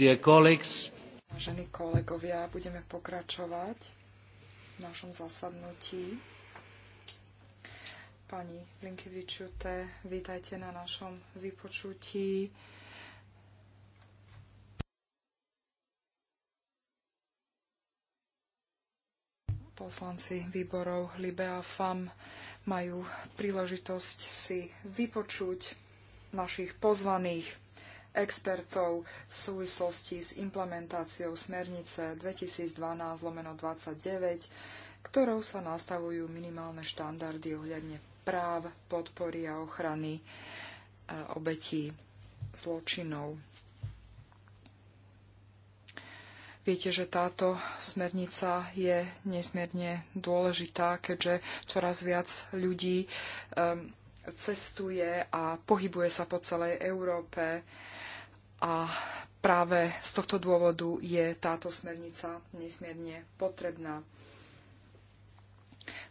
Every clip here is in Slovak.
Vážení kolegovia, budeme pokračovať v našom zasadnutí. Pani Blinkevičute, vítajte na našom vypočutí. poslanci výborov Libe a FAM majú príležitosť si vypočuť našich pozvaných expertov v súvislosti s implementáciou smernice 2012-29, ktorou sa nastavujú minimálne štandardy ohľadne práv, podpory a ochrany e, obetí zločinov. Viete, že táto smernica je nesmierne dôležitá, keďže čoraz viac ľudí um, cestuje a pohybuje sa po celej Európe a práve z tohto dôvodu je táto smernica nesmierne potrebná.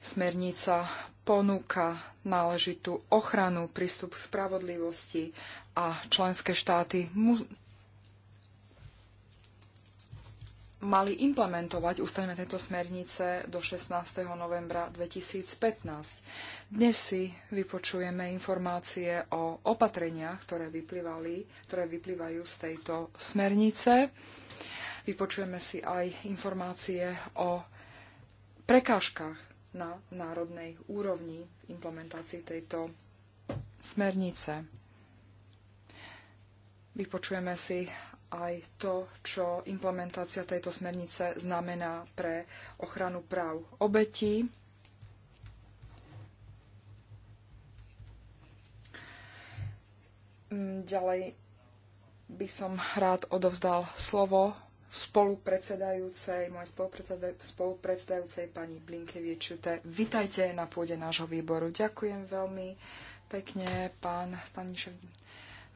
Smernica ponúka náležitú ochranu, prístup k spravodlivosti a členské štáty mu mali implementovať ustanovenia tejto smernice do 16. novembra 2015. Dnes si vypočujeme informácie o opatreniach, ktoré, vyplývali, ktoré vyplývajú z tejto smernice. Vypočujeme si aj informácie o prekážkach na národnej úrovni v implementácii tejto smernice. Vypočujeme si aj to, čo implementácia tejto smernice znamená pre ochranu práv obetí. Mm, ďalej by som rád odovzdal slovo spolupredsedajúcej, mojej spolupredsedajúcej pani Blinkeviečute. Vitajte na pôde nášho výboru. Ďakujem veľmi pekne, pán Stanišev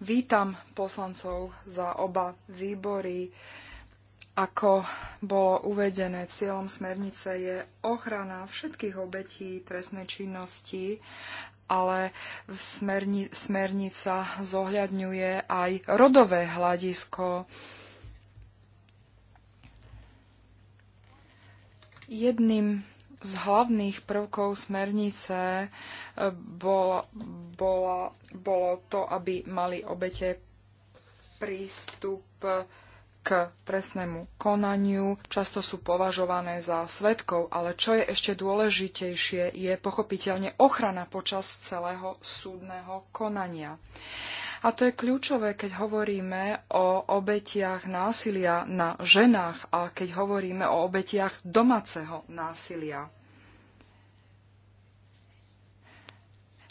Vítam poslancov za oba výbory. Ako bolo uvedené, cieľom smernice je ochrana všetkých obetí trestnej činnosti, ale smerni, smernica zohľadňuje aj rodové hľadisko. Jedným z hlavných prvkov smernice eh, bolo, bolo, bolo to, aby mali obete prístup k trestnému konaniu, často sú považované za svetkov, ale čo je ešte dôležitejšie, je pochopiteľne ochrana počas celého súdneho konania. A to je kľúčové, keď hovoríme o obetiach násilia na ženách a keď hovoríme o obetiach domáceho násilia.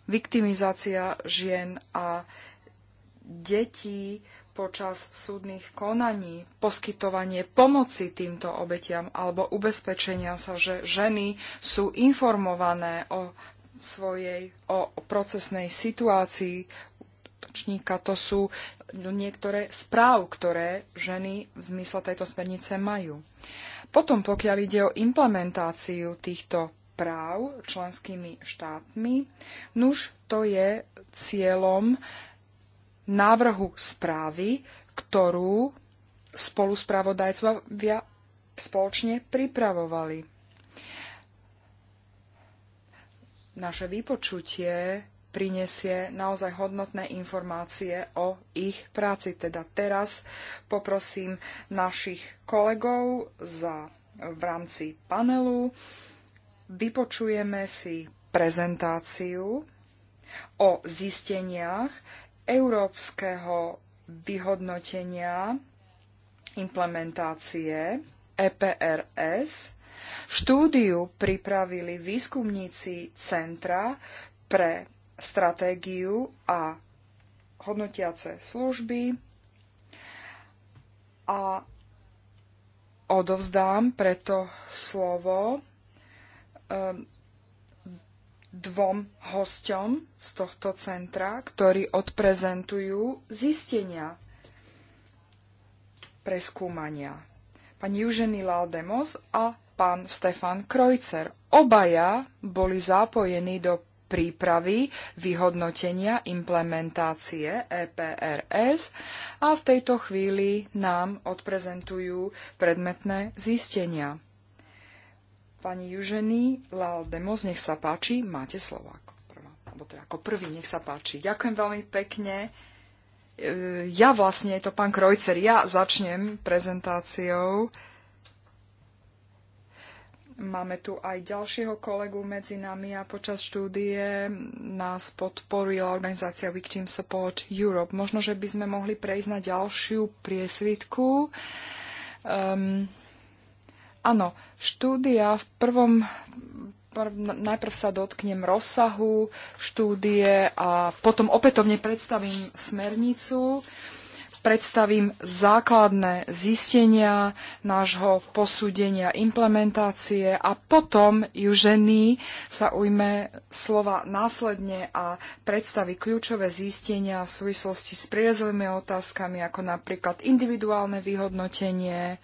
Viktimizácia žien a detí počas súdnych konaní, poskytovanie pomoci týmto obetiam alebo ubezpečenia sa, že ženy sú informované o svojej, o procesnej situácii útočníka. To sú niektoré správ, ktoré ženy v zmysle tejto smernice majú. Potom, pokiaľ ide o implementáciu týchto práv členskými štátmi, nuž to je cieľom návrhu správy, ktorú spolu spravodajcovia spoločne pripravovali. Naše vypočutie prinesie naozaj hodnotné informácie o ich práci. Teda teraz poprosím našich kolegov za, v rámci panelu. Vypočujeme si prezentáciu o zisteniach európskeho vyhodnotenia implementácie EPRS. Štúdiu pripravili výskumníci Centra pre stratégiu a hodnotiace služby a odovzdám preto slovo ehm, dvom hosťom z tohto centra, ktorí odprezentujú zistenia preskúmania. Pani Južený Laldemos a pán Stefan Krojcer. Obaja boli zapojení do prípravy, vyhodnotenia, implementácie EPRS a v tejto chvíli nám odprezentujú predmetné zistenia. Pani Juženy Laldemos, nech sa páči, máte slovo ako prvá, alebo teda ako prvý, nech sa páči. Ďakujem veľmi pekne. E, ja vlastne, je to pán Krojcer, ja začnem prezentáciou. Máme tu aj ďalšieho kolegu medzi nami a počas štúdie nás podporila organizácia Victim Support Europe. Možno, že by sme mohli prejsť na ďalšiu priesvitku. Um, áno, štúdia v prvom najprv sa dotknem rozsahu štúdie a potom opätovne predstavím smernicu predstavím základné zistenia nášho posúdenia implementácie a potom Južený sa ujme slova následne a predstaví kľúčové zistenia v súvislosti s prirezovými otázkami, ako napríklad individuálne vyhodnotenie,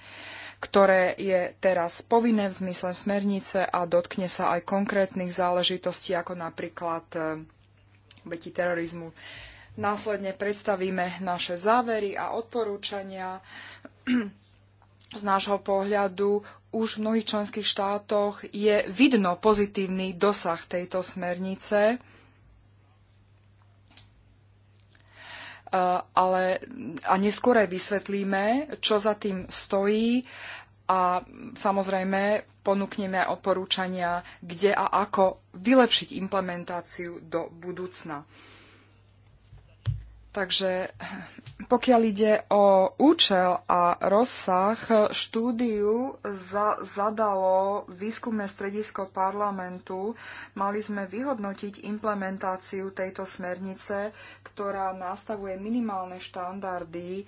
ktoré je teraz povinné v zmysle smernice a dotkne sa aj konkrétnych záležitostí, ako napríklad eh, obeti terorizmu, Následne predstavíme naše závery a odporúčania. Z nášho pohľadu už v mnohých členských štátoch je vidno pozitívny dosah tejto smernice. Eh, ale, a neskôr aj vysvetlíme, čo za tým stojí a samozrejme ponúkneme aj odporúčania, kde a ako vylepšiť implementáciu do budúcna. Takže pokiaľ ide o účel a rozsah, štúdiu za, zadalo výskumné stredisko parlamentu. Mali sme vyhodnotiť implementáciu tejto smernice, ktorá nastavuje minimálne štandardy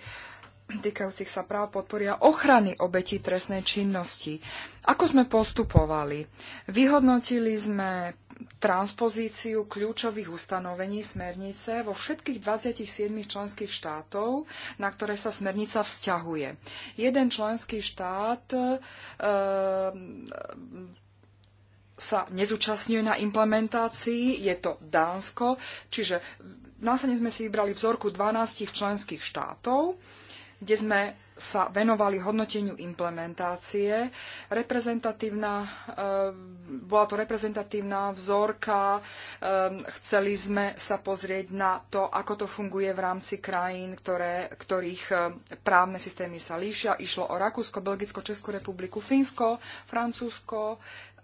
týkajúcich sa práv podporia ochrany obetí trestnej činnosti. Ako sme postupovali? Vyhodnotili sme transpozíciu kľúčových ustanovení smernice vo všetkých 27 členských štátov, na ktoré sa smernica vzťahuje. Jeden členský štát e, sa nezúčastňuje na implementácii, je to Dánsko, čiže následne sme si vybrali vzorku 12 členských štátov kde sme sa venovali hodnoteniu implementácie. Reprezentatívna, eh, bola to reprezentatívna vzorka, eh, chceli sme sa pozrieť na to, ako to funguje v rámci krajín, ktoré, ktorých eh, právne systémy sa líšia. Išlo o Rakúsko, Belgicko, Českú republiku, Fínsko, Francúzsko,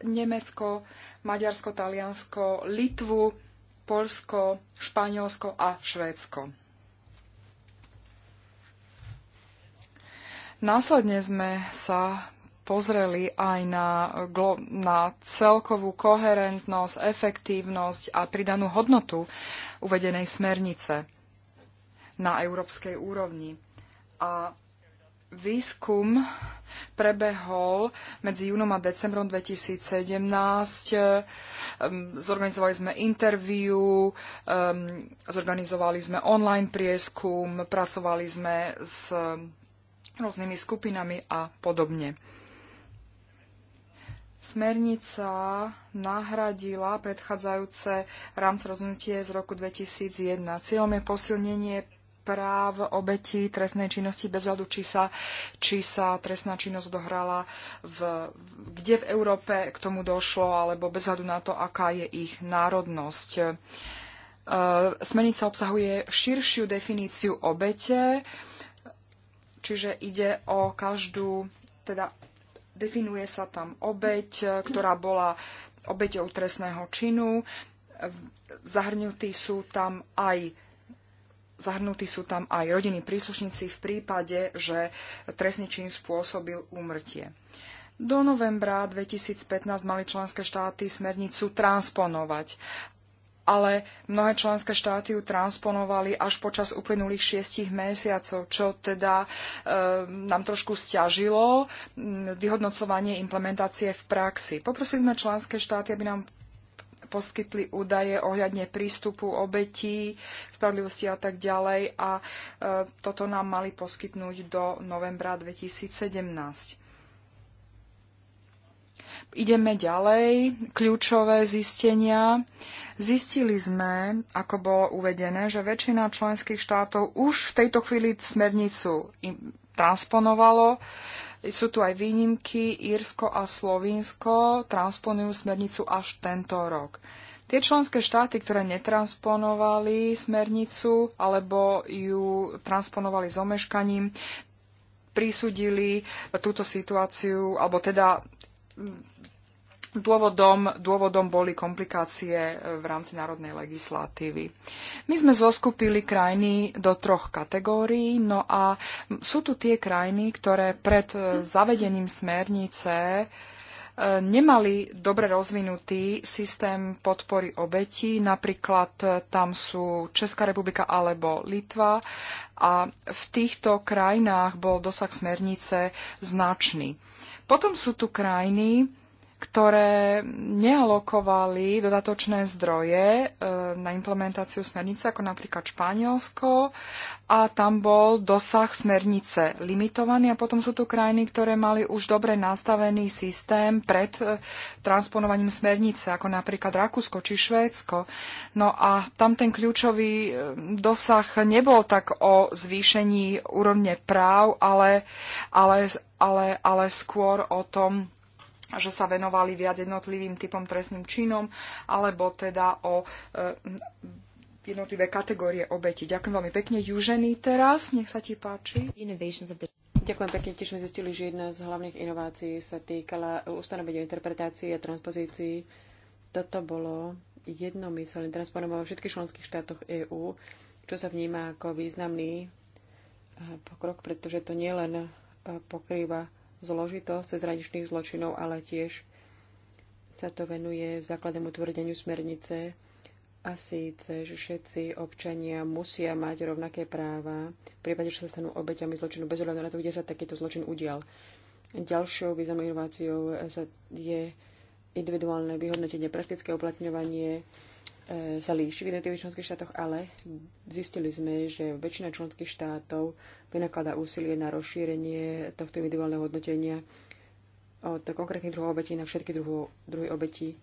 Nemecko, Maďarsko, Taliansko, Litvu, Polsko, Španielsko a Švédsko Následne sme sa pozreli aj na, na celkovú koherentnosť, efektívnosť a pridanú hodnotu uvedenej smernice na európskej úrovni. A výskum prebehol medzi júnom a decembrom 2017. Ehm, zorganizovali sme interviu, ehm, zorganizovali sme online prieskum, pracovali sme s rôznymi skupinami a podobne. Smernica nahradila predchádzajúce rámce rozhodnutie z roku 2001. Cieľom je posilnenie práv obetí trestnej činnosti bez hľadu, či sa, či sa trestná činnosť dohrala, v, kde v Európe k tomu došlo, alebo bez hľadu na to, aká je ich národnosť. E, smernica obsahuje širšiu definíciu obete, Čiže ide o každú, teda definuje sa tam obeď, ktorá bola obeťou trestného činu. Zahrnutí sú tam aj zahrnutí sú tam aj rodiny príslušníci v prípade, že trestný čin spôsobil úmrtie. Do novembra 2015 mali členské štáty smernicu transponovať ale mnohé členské štáty ju transponovali až počas uplynulých šiestich mesiacov, čo teda e, nám trošku stiažilo vyhodnocovanie implementácie v praxi. Poprosili sme členské štáty, aby nám poskytli údaje ohľadne prístupu obetí, spravodlivosti a tak ďalej a e, toto nám mali poskytnúť do novembra 2017. Ideme ďalej. Kľúčové zistenia. Zistili sme, ako bolo uvedené, že väčšina členských štátov už v tejto chvíli smernicu transponovalo. Sú tu aj výnimky. Írsko a Slovinsko transponujú smernicu až tento rok. Tie členské štáty, ktoré netransponovali smernicu alebo ju transponovali s omeškaním, prisudili túto situáciu, alebo teda Dôvodom, dôvodom boli komplikácie v rámci národnej legislatívy. My sme zoskupili krajiny do troch kategórií, no a sú tu tie krajiny, ktoré pred eh, zavedením smernice eh, nemali dobre rozvinutý systém podpory obetí, napríklad eh, tam sú Česká republika alebo Litva a v týchto krajinách bol dosah smernice značný. Potom sú tu krajiny, ktoré nealokovali dodatočné zdroje e, na implementáciu smernice, ako napríklad Španielsko, a tam bol dosah smernice limitovaný. A potom sú tu krajiny, ktoré mali už dobre nastavený systém pred e, transponovaním smernice, ako napríklad Rakúsko či Švédsko. No a tam ten kľúčový e, dosah nebol tak o zvýšení úrovne práv, ale, ale, ale, ale skôr o tom, že sa venovali viac jednotlivým typom trestným činom, alebo teda o e, jednotlivé kategórie obeti. Ďakujem veľmi pekne. Južený teraz, nech sa ti páči. Ďakujem pekne. Tiež sme zistili, že jedna z hlavných inovácií sa týkala ustanovenia interpretácií a transpozícií. Toto bolo jednomyselne transponované vo všetkých členských štátoch EÚ, čo sa vníma ako významný e, pokrok, pretože to nielen e, pokrýva zložitosť cezhraničných zločinov, ale tiež sa to venuje základnému tvrdeniu smernice a síce, že všetci občania musia mať rovnaké práva v prípade, že sa stanú obeťami zločinu bez ohľadu na to, kde sa takýto zločin udial. Ďalšou významnou inováciou je individuálne vyhodnotenie, praktické uplatňovanie E, sa líši v jednotlivých členských štátoch, ale zistili sme, že väčšina členských štátov vynakladá úsilie na rozšírenie tohto individuálneho hodnotenia od konkrétnych druhov obetí na všetky druho, druhy obetí.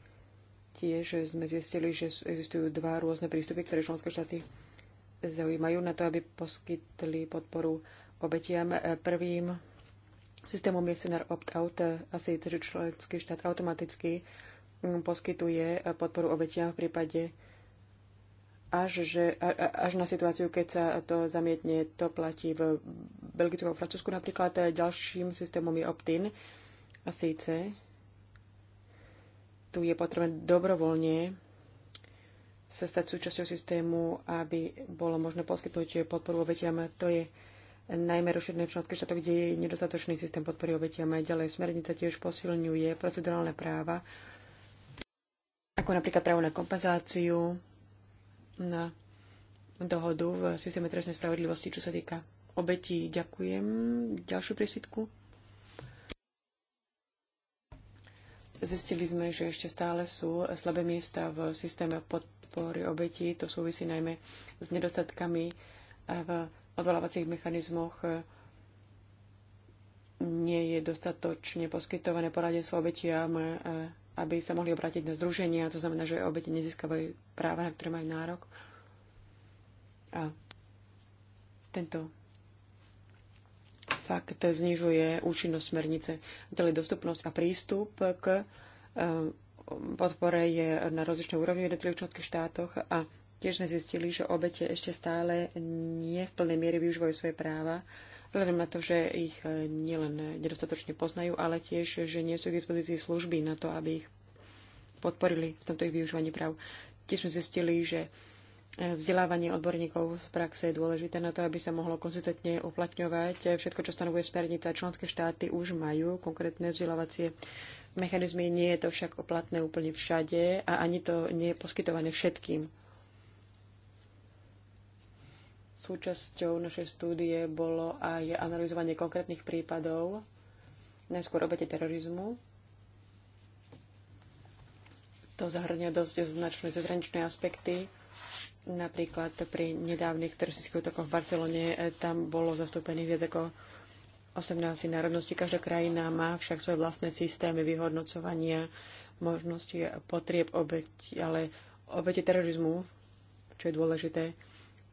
Tiež sme zistili, že existujú dva rôzne prístupy, ktoré členské štáty zaujímajú na to, aby poskytli podporu obetiam. E, prvým systémom je scenár opt-out. E, asi členský štát automaticky poskytuje podporu obetiam v prípade až, že, až na situáciu, keď sa to zamietne, to platí v Belgicku a Francúzsku napríklad. Ďalším systémom je opt-in. A síce tu je potrebné dobrovoľne sa stať súčasťou systému, aby bolo možné poskytnúť podporu obetiam. To je najmä rozšírené v členských štátoch, kde je nedostatočný systém podpory obetiam. Ďalej smernica tiež posilňuje procedurálne práva ako napríklad právo na kompenzáciu, na dohodu v systéme trestnej spravodlivosti, čo sa týka obetí. Ďakujem. Ďalšiu prísvitku. Zistili sme, že ešte stále sú slabé miesta v systéme podpory obetí. To súvisí najmä s nedostatkami v odvolávacích mechanizmoch. Nie je dostatočne poskytované poradenstvo obetiam aby sa mohli obrátiť na združenia, to znamená, že obete nezískavajú práva, na ktoré majú nárok. A tento fakt znižuje účinnosť smernice. Teda dostupnosť a prístup k eh, podpore je na rozličnej úrovni v jednotlivých členských štátoch a tiež sme zistili, že obete ešte stále nie v plnej miere využívajú svoje práva vzhľadom na to, že ich e, nielen nedostatočne poznajú, ale tiež, že nie sú k dispozícii služby na to, aby ich podporili v tomto ich využívaní práv. Tiež sme zistili, že e, vzdelávanie odborníkov z praxe je dôležité na to, aby sa mohlo konzistentne uplatňovať. E, všetko, čo stanovuje smernica, členské štáty už majú konkrétne vzdelávacie mechanizmy. Nie je to však oplatné úplne všade a ani to nie je poskytované všetkým Súčasťou našej štúdie bolo aj analyzovanie konkrétnych prípadov, najskôr obete terorizmu. To zahrňa dosť značné cezhraničné aspekty. Napríklad pri nedávnych teroristických útokoch v Barcelone eh, tam bolo zastúpených viac ako 18 národností. Každá krajina má však svoje vlastné systémy vyhodnocovania možnosti a potrieb obeť, ale obete terorizmu, čo je dôležité,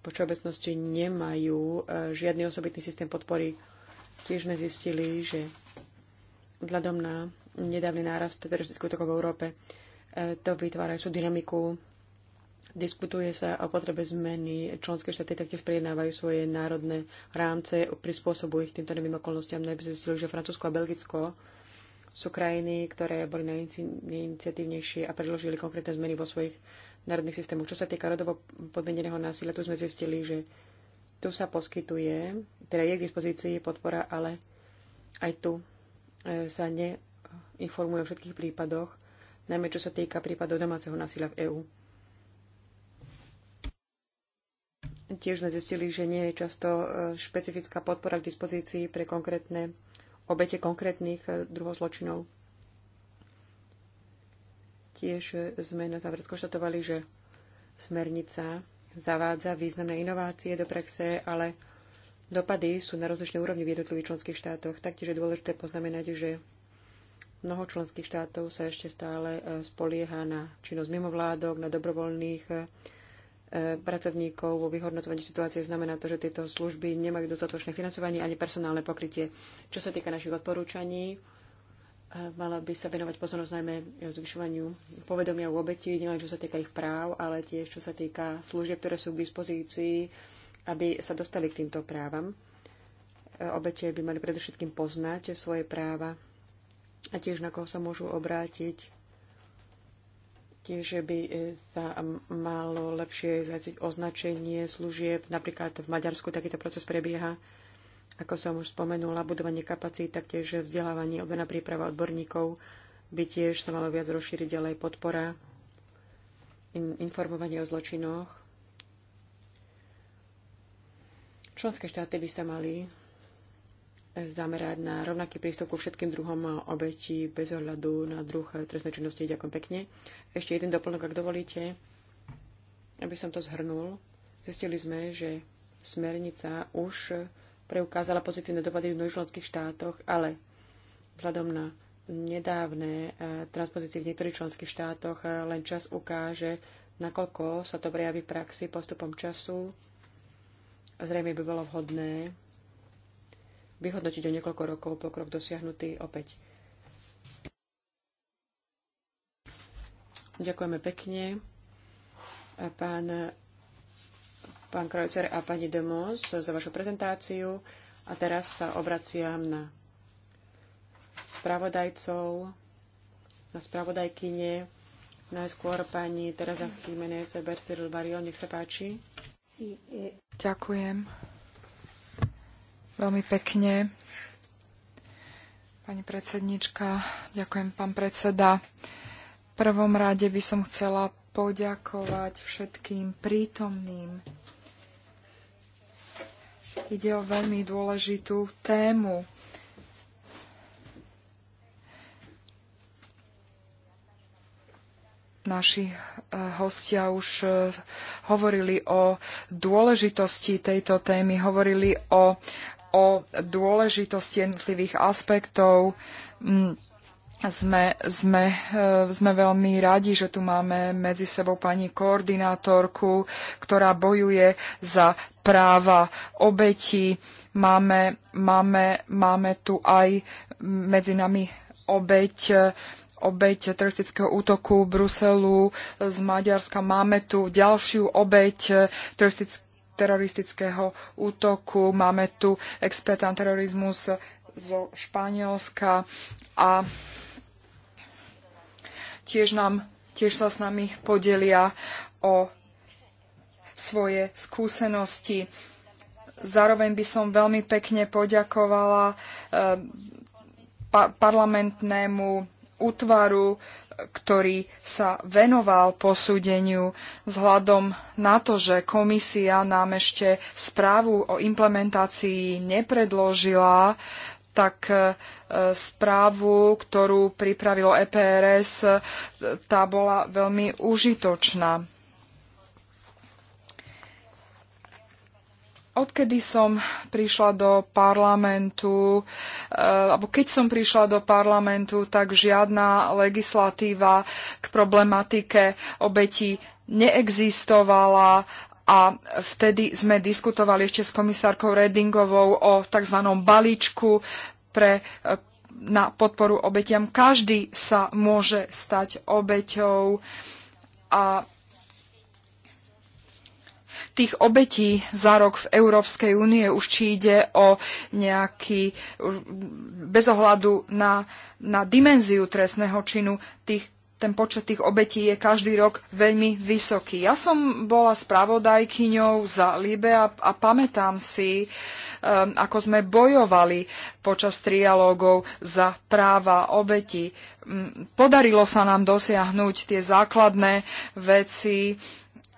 vo všeobecnosti nemajú e, žiadny osobitný systém podpory. Tiež sme zistili, že vzhľadom na nedávny nárast teroristických útokov v Európe e, to vytvára sú dynamiku. Diskutuje sa o potrebe zmeny. Členské štáty taktiež prijednávajú svoje národné rámce, prispôsobujú ich týmto novým okolnostiam. sme zistili, že Francúzsko a Belgicko sú krajiny, ktoré boli najiniciatívnejšie a predložili konkrétne zmeny vo svojich národných systémov. Čo sa týka rodovo podmieneného násilia, tu sme zistili, že tu sa poskytuje, teda je k dispozícii podpora, ale aj tu e, sa neinformuje o všetkých prípadoch, najmä čo sa týka prípadov domáceho násilia v EÚ. Tiež sme zistili, že nie je často e, špecifická podpora k dispozícii pre konkrétne obete konkrétnych e, druhov zločinov. Tiež sme na záver skonštatovali, že smernica zavádza významné inovácie do praxe, ale dopady sú na rozličnej úrovni v jednotlivých členských štátoch. Taktiež je dôležité poznamenať, že mnoho členských štátov sa ešte stále e, spolieha na činnosť mimovládok, na dobrovoľných e, pracovníkov vo vyhodnocovaní situácie. Znamená to, že tieto služby nemajú dostatočné financovanie ani personálne pokrytie. Čo sa týka našich odporúčaní, mala by sa venovať pozornosť najmä zvyšovaniu povedomia u obetí, nielen čo sa týka ich práv, ale tiež čo sa týka služieb, ktoré sú k dispozícii, aby sa dostali k týmto právam. E, obete by mali predovšetkým poznať svoje práva a tiež na koho sa môžu obrátiť. Tiež by e, sa malo lepšie zajaciť označenie služieb. Napríklad v Maďarsku takýto proces prebieha ako som už spomenula, budovanie kapacít, taktiež vzdelávanie, obená príprava odborníkov by tiež sa malo viac rozšíriť ďalej podpora, in, informovanie o zločinoch. Členské štáty by sa mali zamerať na rovnaký prístup ku všetkým druhom obetí bez ohľadu na druh trestnej činnosti. Ďakujem pekne. Ešte jeden doplnok, ak dovolíte. Aby som to zhrnul, zistili sme, že smernica už preukázala pozitívne dopady v mnohých členských štátoch, ale vzhľadom na nedávne e, transpozície v niektorých členských štátoch e, len čas ukáže, nakoľko sa to prejaví v praxi postupom času. Zrejme by bolo vhodné vyhodnotiť o niekoľko rokov pokrok dosiahnutý opäť. Ďakujeme pekne. E, pán pán Krojcer a pani Demos, za vašu prezentáciu. A teraz sa obraciam na spravodajcov, na spravodajkyne, najskôr pani Teresa Jiménez Bercil Barrio, nech sa páči. Ďakujem veľmi pekne. Pani predsednička, ďakujem pán predseda. V prvom rade by som chcela poďakovať všetkým prítomným Ide o veľmi dôležitú tému. naši eh, hostia už eh, hovorili o dôležitosti tejto témy, hovorili o, o dôležitosti jednotlivých aspektov. Mm, sme, sme, eh, sme veľmi radi, že tu máme medzi sebou pani koordinátorku, ktorá bojuje za práva obetí. Máme, máme, máme tu aj medzi nami obeť obeť teroristického útoku Bruselu z Maďarska. Máme tu ďalšiu obeť teroristického útoku. Máme tu expertant na terorizmus zo Španielska a tiež, nám, tiež sa s nami podelia o svoje skúsenosti. Zároveň by som veľmi pekne poďakovala eh, parlamentnému útvaru, ktorý sa venoval posúdeniu vzhľadom na to, že komisia nám ešte správu o implementácii nepredložila, tak eh, správu, ktorú pripravilo EPRS, eh, tá bola veľmi užitočná odkedy som prišla do parlamentu, eh, alebo keď som prišla do parlamentu, tak žiadna legislatíva k problematike obetí neexistovala a vtedy sme diskutovali ešte s komisárkou Redingovou o tzv. balíčku pre eh, na podporu obetiam. Každý sa môže stať obeťou a tých obetí za rok v Európskej únie, už či ide o nejaký, bez ohľadu na, na dimenziu trestného činu, tých, ten počet tých obetí je každý rok veľmi vysoký. Ja som bola spravodajkyňou za Libe a, a pamätám si, um, ako sme bojovali počas trialógov za práva obetí. Mm, podarilo sa nám dosiahnuť tie základné veci,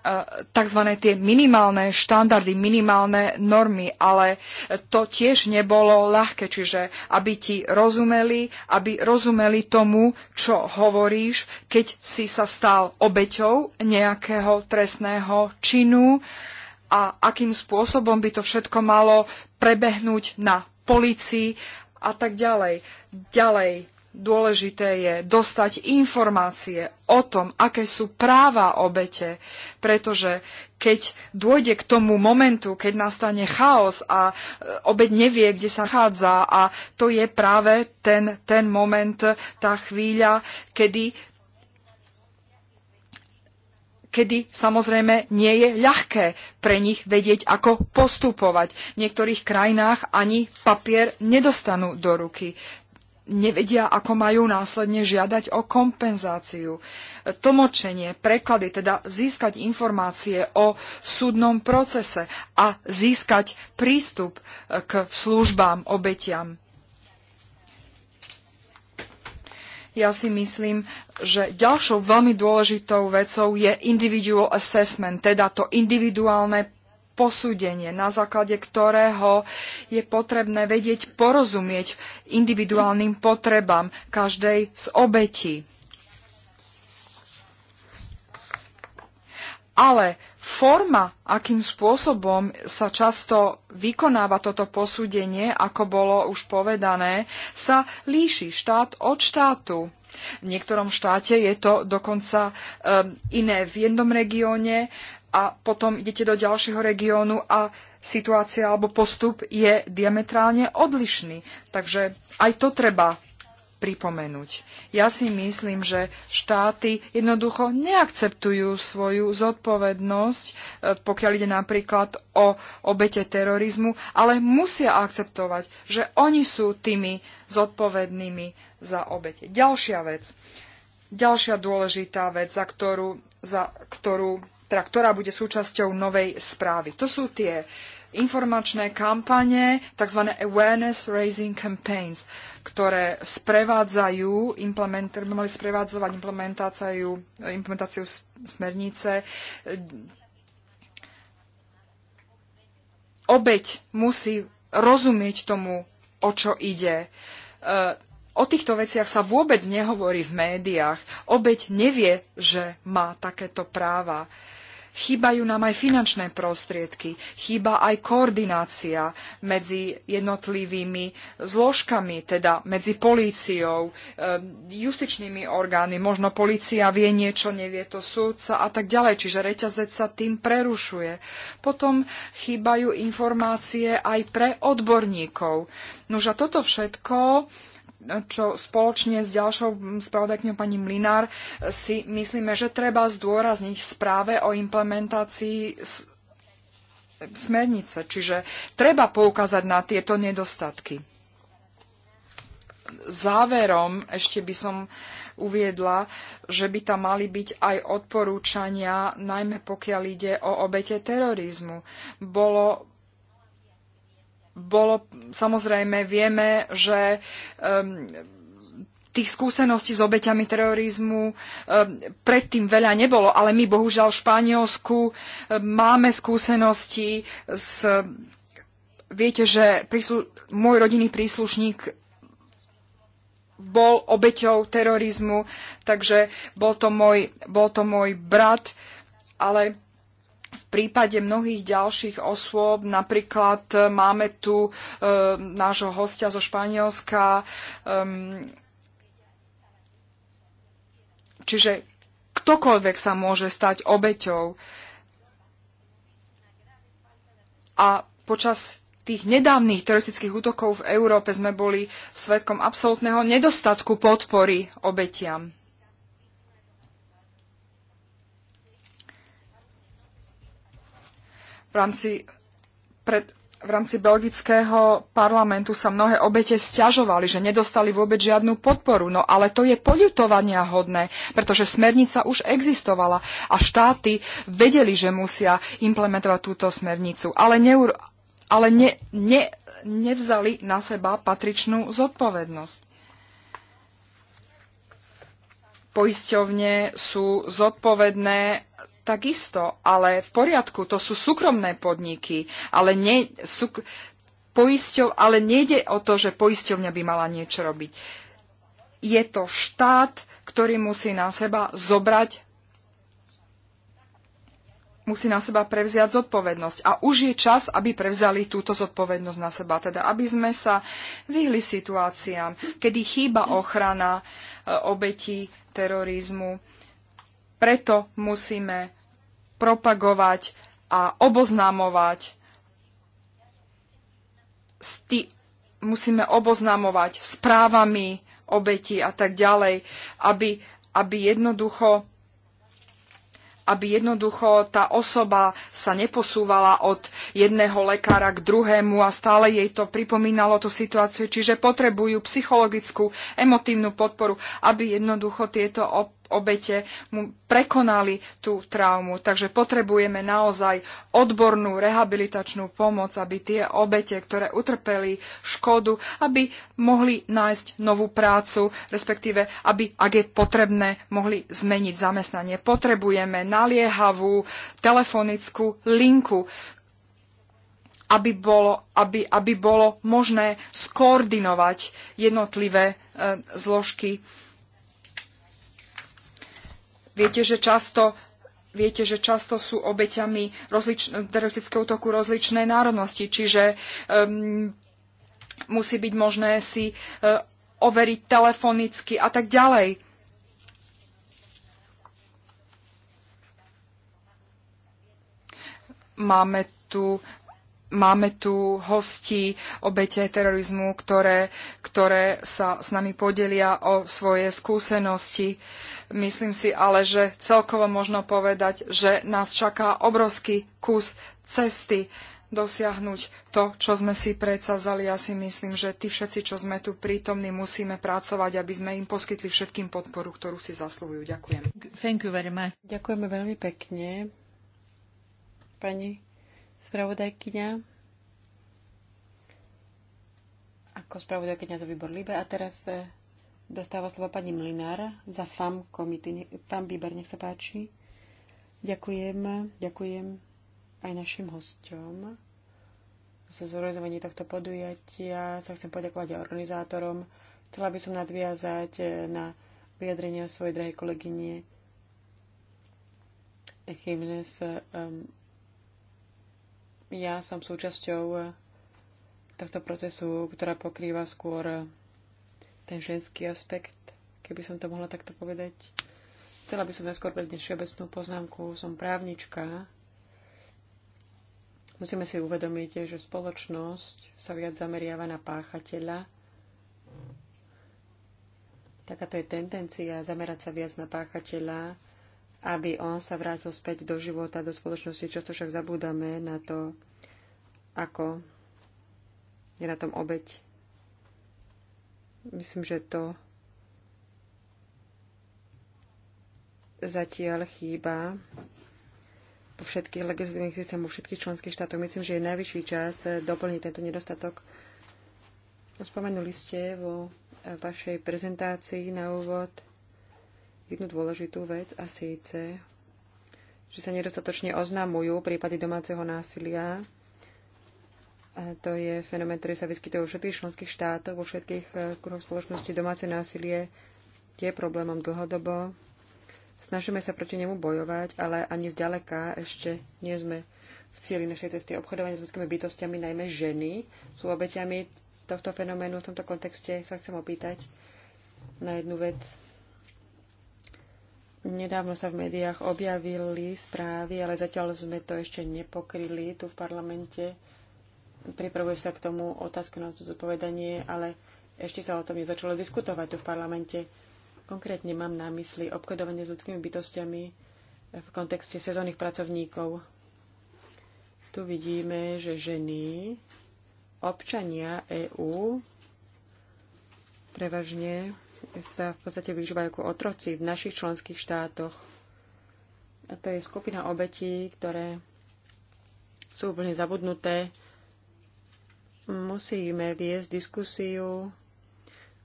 E, tzv. tie minimálne štandardy, minimálne normy, ale to tiež nebolo ľahké, čiže aby ti rozumeli, aby rozumeli tomu, čo hovoríš, keď si sa stal obeťou nejakého trestného činu a akým spôsobom by to všetko malo prebehnúť na policii a tak ďalej. Ďalej, Dôležité je dostať informácie o tom, aké sú práva obete, pretože keď dôjde k tomu momentu, keď nastane chaos a e, obeď nevie, kde sa nachádza a to je práve ten, ten moment, tá chvíľa, kedy kedy samozrejme nie je ľahké pre nich vedieť, ako postupovať. V niektorých krajinách ani papier nedostanú do ruky nevedia, ako majú následne žiadať o kompenzáciu. Tlmočenie, preklady, teda získať informácie o súdnom procese a získať prístup eh, k službám obetiam. ja si myslím, že ďalšou veľmi dôležitou vecou je individual assessment, teda to individuálne posúdenie, na základe ktorého je potrebné vedieť porozumieť individuálnym potrebám každej z obetí. Ale forma, akým spôsobom sa často vykonáva toto posúdenie, ako bolo už povedané, sa líši štát od štátu. V niektorom štáte je to dokonca um, iné. V jednom regióne a potom idete do ďalšieho regiónu a situácia alebo postup je diametrálne odlišný. Takže aj to treba pripomenúť. Ja si myslím, že štáty jednoducho neakceptujú svoju zodpovednosť, e, pokiaľ ide napríklad o obete terorizmu, ale musia akceptovať, že oni sú tými zodpovednými za obete. Ďalšia vec, ďalšia dôležitá vec, za ktorú, za ktorú teda ktorá bude súčasťou novej správy. To sú tie informačné kampane, tzv. awareness raising campaigns, ktoré sprevádzajú, implement, mali sprevádzovať implementáciu, implementáciu smernice. Obeď musí rozumieť tomu, o čo ide. E, o týchto veciach sa vôbec nehovorí v médiách. Obeď nevie, že má takéto práva. Chýbajú nám aj finančné prostriedky, chýba aj koordinácia medzi jednotlivými zložkami, teda medzi políciou, eh, justičnými orgánmi, možno polícia vie niečo, nevie to súdca a tak ďalej, čiže reťazec sa tým prerušuje. Potom chýbajú informácie aj pre odborníkov. Nož a toto všetko čo spoločne s ďalšou spravodajkňou pani Mlinár si myslíme, že treba zdôrazniť v správe o implementácii smernice. Čiže treba poukázať na tieto nedostatky. Záverom ešte by som uviedla, že by tam mali byť aj odporúčania, najmä pokiaľ ide o obete terorizmu. Bolo bolo, samozrejme, vieme, že um, tých skúseností s obeťami terorizmu um, predtým veľa nebolo, ale my bohužiaľ v Španielsku um, máme skúsenosti s... Viete, že príslu, môj rodinný príslušník bol obeťou terorizmu, takže bol to môj, bol to môj brat, ale v prípade mnohých ďalších osôb, napríklad e, máme tu e, nášho hostia zo Španielska, e, čiže ktokoľvek sa môže stať obeťou. A počas tých nedávnych teroristických útokov v Európe sme boli svetkom absolútneho nedostatku podpory obetiam. v rámci, pred, v rámci belgického parlamentu sa mnohé obete sťažovali, že nedostali vôbec žiadnu podporu. No ale to je poľutovania hodné, pretože smernica už existovala a štáty vedeli, že musia implementovať túto smernicu, ale, neur, ale ne, ne, nevzali na seba patričnú zodpovednosť. Poisťovne sú zodpovedné takisto, ale v poriadku, to sú súkromné podniky, ale nie, sú, poisťov, ale nejde o to, že poisťovňa by mala niečo robiť. Je to štát, ktorý musí na seba zobrať musí na seba prevziať zodpovednosť. A už je čas, aby prevzali túto zodpovednosť na seba. Teda, aby sme sa vyhli situáciám, kedy chýba ochrana e, obetí terorizmu preto musíme propagovať a oboznamovať sti- musíme oboznámovať s právami obeti a tak ďalej, aby, aby jednoducho aby jednoducho tá osoba sa neposúvala od jedného lekára k druhému a stále jej to pripomínalo tú situáciu, čiže potrebujú psychologickú, emotívnu podporu, aby jednoducho tieto obete mu prekonali tú traumu. Takže potrebujeme naozaj odbornú rehabilitačnú pomoc, aby tie obete, ktoré utrpeli škodu, aby mohli nájsť novú prácu, respektíve aby, ak je potrebné, mohli zmeniť zamestnanie. Potrebujeme naliehavú telefonickú linku, aby bolo, aby, aby bolo možné skoordinovať jednotlivé e, zložky Viete, že často Viete, že často sú obeťami teroristického útoku rozličné národnosti, čiže um, musí byť možné si uh, overiť telefonicky a tak ďalej. Máme tu máme tu hosti, obete terorizmu, ktoré, ktoré sa s nami podelia o svoje skúsenosti. Myslím si ale, že celkovo možno povedať, že nás čaká obrovský kus cesty dosiahnuť to, čo sme si predsazali. Ja si myslím, že tí všetci, čo sme tu prítomní, musíme pracovať, aby sme im poskytli všetkým podporu, ktorú si zasluhujú. Ďakujem. Ďakujeme veľmi pekne. Pani spravodajkyňa ako spravodajkyňa za výbor Libe. A teraz eh, dostáva slovo pani Mlinár za FAM komity. Pán Bíber, nech sa páči. Ďakujem, ďakujem aj našim hostom za zorganizovanie tohto podujatia. Sa chcem poďakovať aj organizátorom. Chcela by som nadviazať eh, na vyjadrenia svojej drahej kolegyne Echimnes um, eh, ja som súčasťou eh, tohto procesu, ktorá pokrýva skôr eh, ten ženský aspekt, keby som to mohla takto povedať. Chcela by som najskôr predniesť všeobecnú poznámku. Som právnička. Musíme si uvedomiť, že spoločnosť sa viac zameriava na páchateľa. Takáto je tendencia zamerať sa viac na páchateľa aby on sa vrátil späť do života, do spoločnosti. Často však zabúdame na to, ako je na tom obeď. Myslím, že to zatiaľ chýba po všetkých legislatívnych systémoch všetkých členských štátov. Myslím, že je najvyšší čas doplniť tento nedostatok. Spomenuli ste vo vašej prezentácii na úvod jednu dôležitú vec a síce, že sa nedostatočne oznamujú prípady domáceho násilia. A to je fenomén, ktorý sa vyskytuje vo všetkých členských štátoch, vo všetkých e, kruhoch spoločnosti. Domáce násilie je problémom dlhodobo. Snažíme sa proti nemu bojovať, ale ani zďaleka ešte nie sme v cieli našej cesty obchodovania s ľudskými bytostiami, najmä ženy sú obeťami tohto fenoménu. V tomto kontexte sa chcem opýtať na jednu vec. Nedávno sa v médiách objavili správy, ale zatiaľ sme to ešte nepokryli tu v parlamente. Pripravuje sa k tomu otázka na zodpovedanie, ale ešte sa o tom nezačalo diskutovať tu v parlamente. Konkrétne mám na mysli obchodovanie s ľudskými bytostiami v kontexte sezónnych pracovníkov. Tu vidíme, že ženy, občania EÚ, prevažne sa v podstate využívajú ako otroci v našich členských štátoch. A to je skupina obetí, ktoré sú úplne zabudnuté. Musíme viesť diskusiu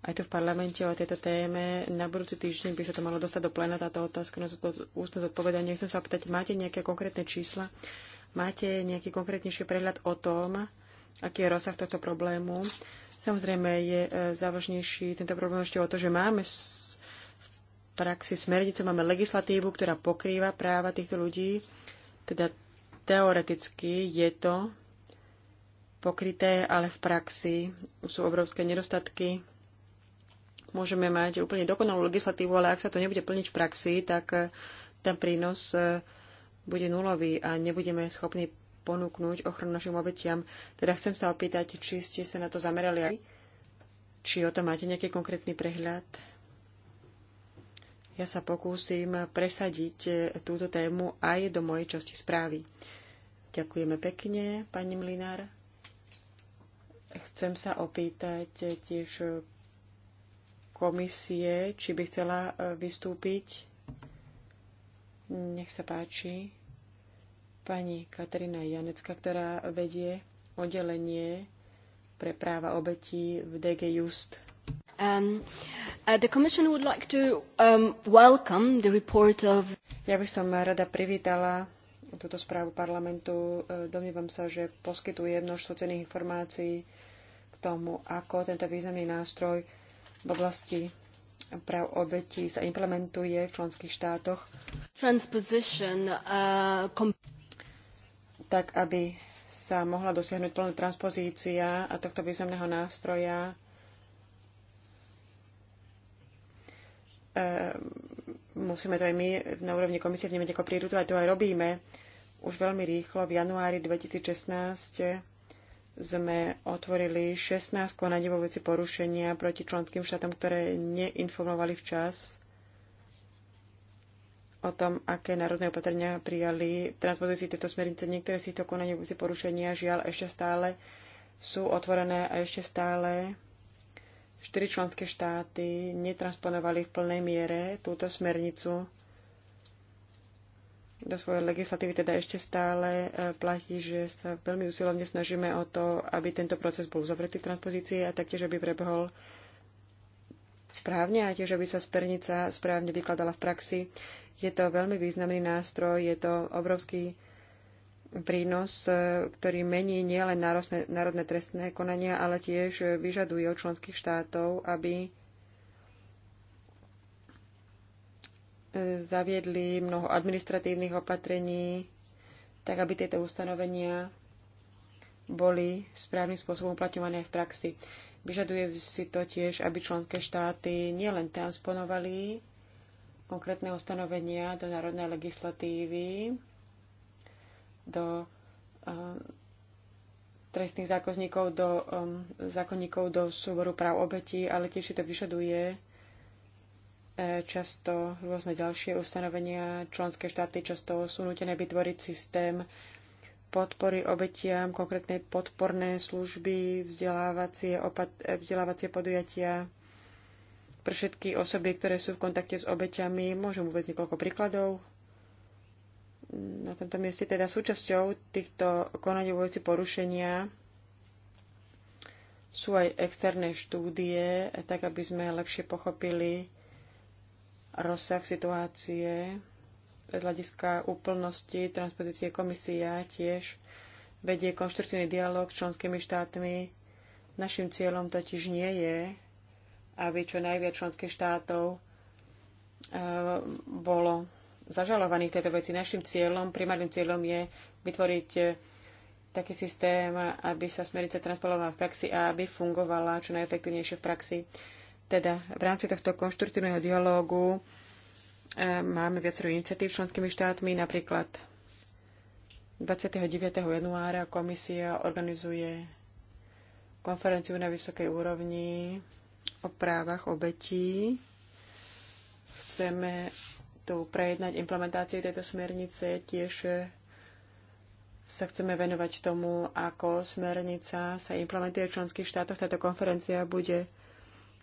aj tu v parlamente o tejto téme. Na budúci týždeň by sa to malo dostať do plena táto otázka na ústne zodpovedanie. Chcem sa opýtať, máte nejaké konkrétne čísla? Máte nejaký konkrétnejší prehľad o tom, aký je rozsah tohto problému? Samozrejme je e, závažnejší tento problém ešte o to, že máme v praxi smernicu, máme legislatívu, ktorá pokrýva práva týchto ľudí. Teda teoreticky je to pokryté, ale v praxi sú obrovské nedostatky. Môžeme mať úplne dokonalú legislatívu, ale ak sa to nebude plniť v praxi, tak e, ten prínos e, bude nulový a nebudeme schopní ponúknuť ochranu našim obetiam. Teda chcem sa opýtať, či ste sa na to zamerali aj, či o tom máte nejaký konkrétny prehľad. Ja sa pokúsim presadiť e, túto tému aj do mojej časti správy. Ďakujeme pekne, pani Mlinár. Chcem sa opýtať e, tiež e, komisie, či by chcela vystúpiť. Nech sa páči pani Katarína Janecka, ktorá vedie oddelenie pre práva obetí v DG Just. Um, uh, the Commission would like to um, welcome the report of... Ja by som rada privítala túto správu parlamentu. Uh, Domnívam sa, že poskytuje množstvo cených informácií k tomu, ako tento významný nástroj v oblasti práv obetí sa implementuje v členských štátoch. Transposition, uh, tak aby sa mohla dosiahnuť plná transpozícia a tohto významného nástroja e, musíme to aj my na úrovni komisie vnímať ako prírodu, aj to aj robíme. Už veľmi rýchlo, v januári 2016 sme otvorili 16 konaní vo veci porušenia proti členským štátom, ktoré neinformovali včas o tom, aké národné opatrenia prijali v transpozícii tejto smernice. Niektoré si to konanie veci porušenia žiaľ ešte stále sú otvorené a ešte stále štyri členské štáty netransponovali v plnej miere túto smernicu do svojej legislatívy, teda ešte stále e, platí, že sa veľmi usilovne snažíme o to, aby tento proces bol uzavretý v transpozícii a taktiež, aby prebehol správne a tiež, aby sa spernica správne vykladala v praxi. Je to veľmi významný nástroj, je to obrovský prínos, e, ktorý mení nielen národné, národné trestné konania, ale tiež vyžaduje od členských štátov, aby e, zaviedli mnoho administratívnych opatrení, tak aby tieto ustanovenia boli správnym spôsobom uplatňované v praxi. Vyžaduje si to tiež, aby členské štáty nielen transponovali konkrétne ustanovenia do národnej legislatívy, do eh, trestných zákonníkov, do um, zákonníkov do súboru práv obetí, ale tiež si to vyžaduje eh, často rôzne ďalšie ustanovenia. Členské štáty často sú nutené vytvoriť systém podpory obetiam, konkrétne podporné služby, vzdelávacie, opat- vzdelávacie podujatia pre všetky osoby, ktoré sú v kontakte s obeťami. Môžem uvedť niekoľko príkladov. Na tomto mieste teda súčasťou týchto konaní vojci porušenia sú aj externé štúdie, tak aby sme lepšie pochopili rozsah situácie z hľadiska úplnosti transpozície komisia tiež vedie konštruktívny dialog s členskými štátmi. Našim cieľom totiž nie je, aby čo najviac členských štátov e, bolo zažalovaných tejto veci. Našim cieľom, primárnym cieľom je vytvoriť e, taký systém, aby sa smerica transponovala v praxi a aby fungovala čo najefektívnejšie v praxi. Teda v rámci tohto konštruktívneho dialógu Máme viacero iniciatív členskými štátmi, napríklad 29. januára komisia organizuje konferenciu na vysokej úrovni o právach obetí. Chceme tu prejednať implementáciu tejto smernice, tiež sa chceme venovať tomu, ako smernica sa implementuje v členských štátoch. Táto konferencia bude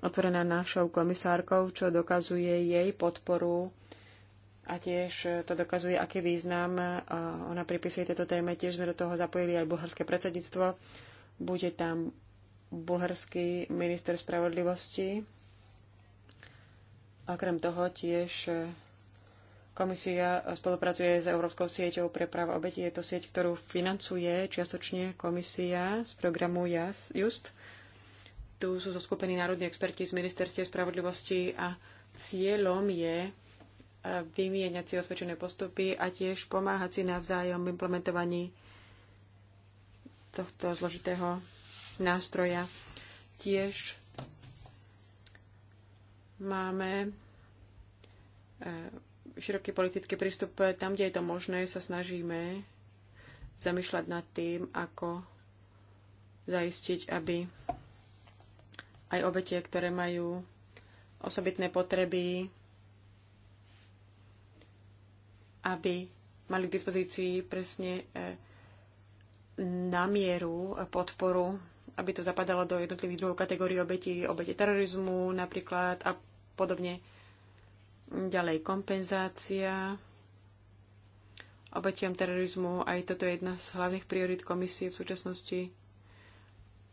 otvorená našou komisárkou, čo dokazuje jej podporu a tiež to dokazuje, aký význam ona pripisuje tejto téme. Tiež sme do toho zapojili aj bulharské predsedníctvo. Bude tam bulharský minister spravodlivosti. Okrem toho tiež e, komisia spolupracuje s Európskou sieťou pre práva obeti. Je to sieť, ktorú financuje čiastočne komisia z programu JUST tu sú zoskupení národní experti z Ministerstie spravodlivosti a cieľom je eh, vymieňať si osvedčené postupy a tiež pomáhať si navzájom v implementovaní tohto zložitého nástroja. Tiež máme eh, široký politický prístup. Tam, kde je to možné, sa snažíme zamýšľať nad tým, ako zaistiť, aby aj obete, ktoré majú osobitné potreby, aby mali k dispozícii presne e, na mieru podporu, aby to zapadalo do jednotlivých druhov kategórií obetí, obete terorizmu napríklad a podobne. Ďalej kompenzácia obetiam terorizmu. Aj toto je jedna z hlavných priorit komisie v súčasnosti.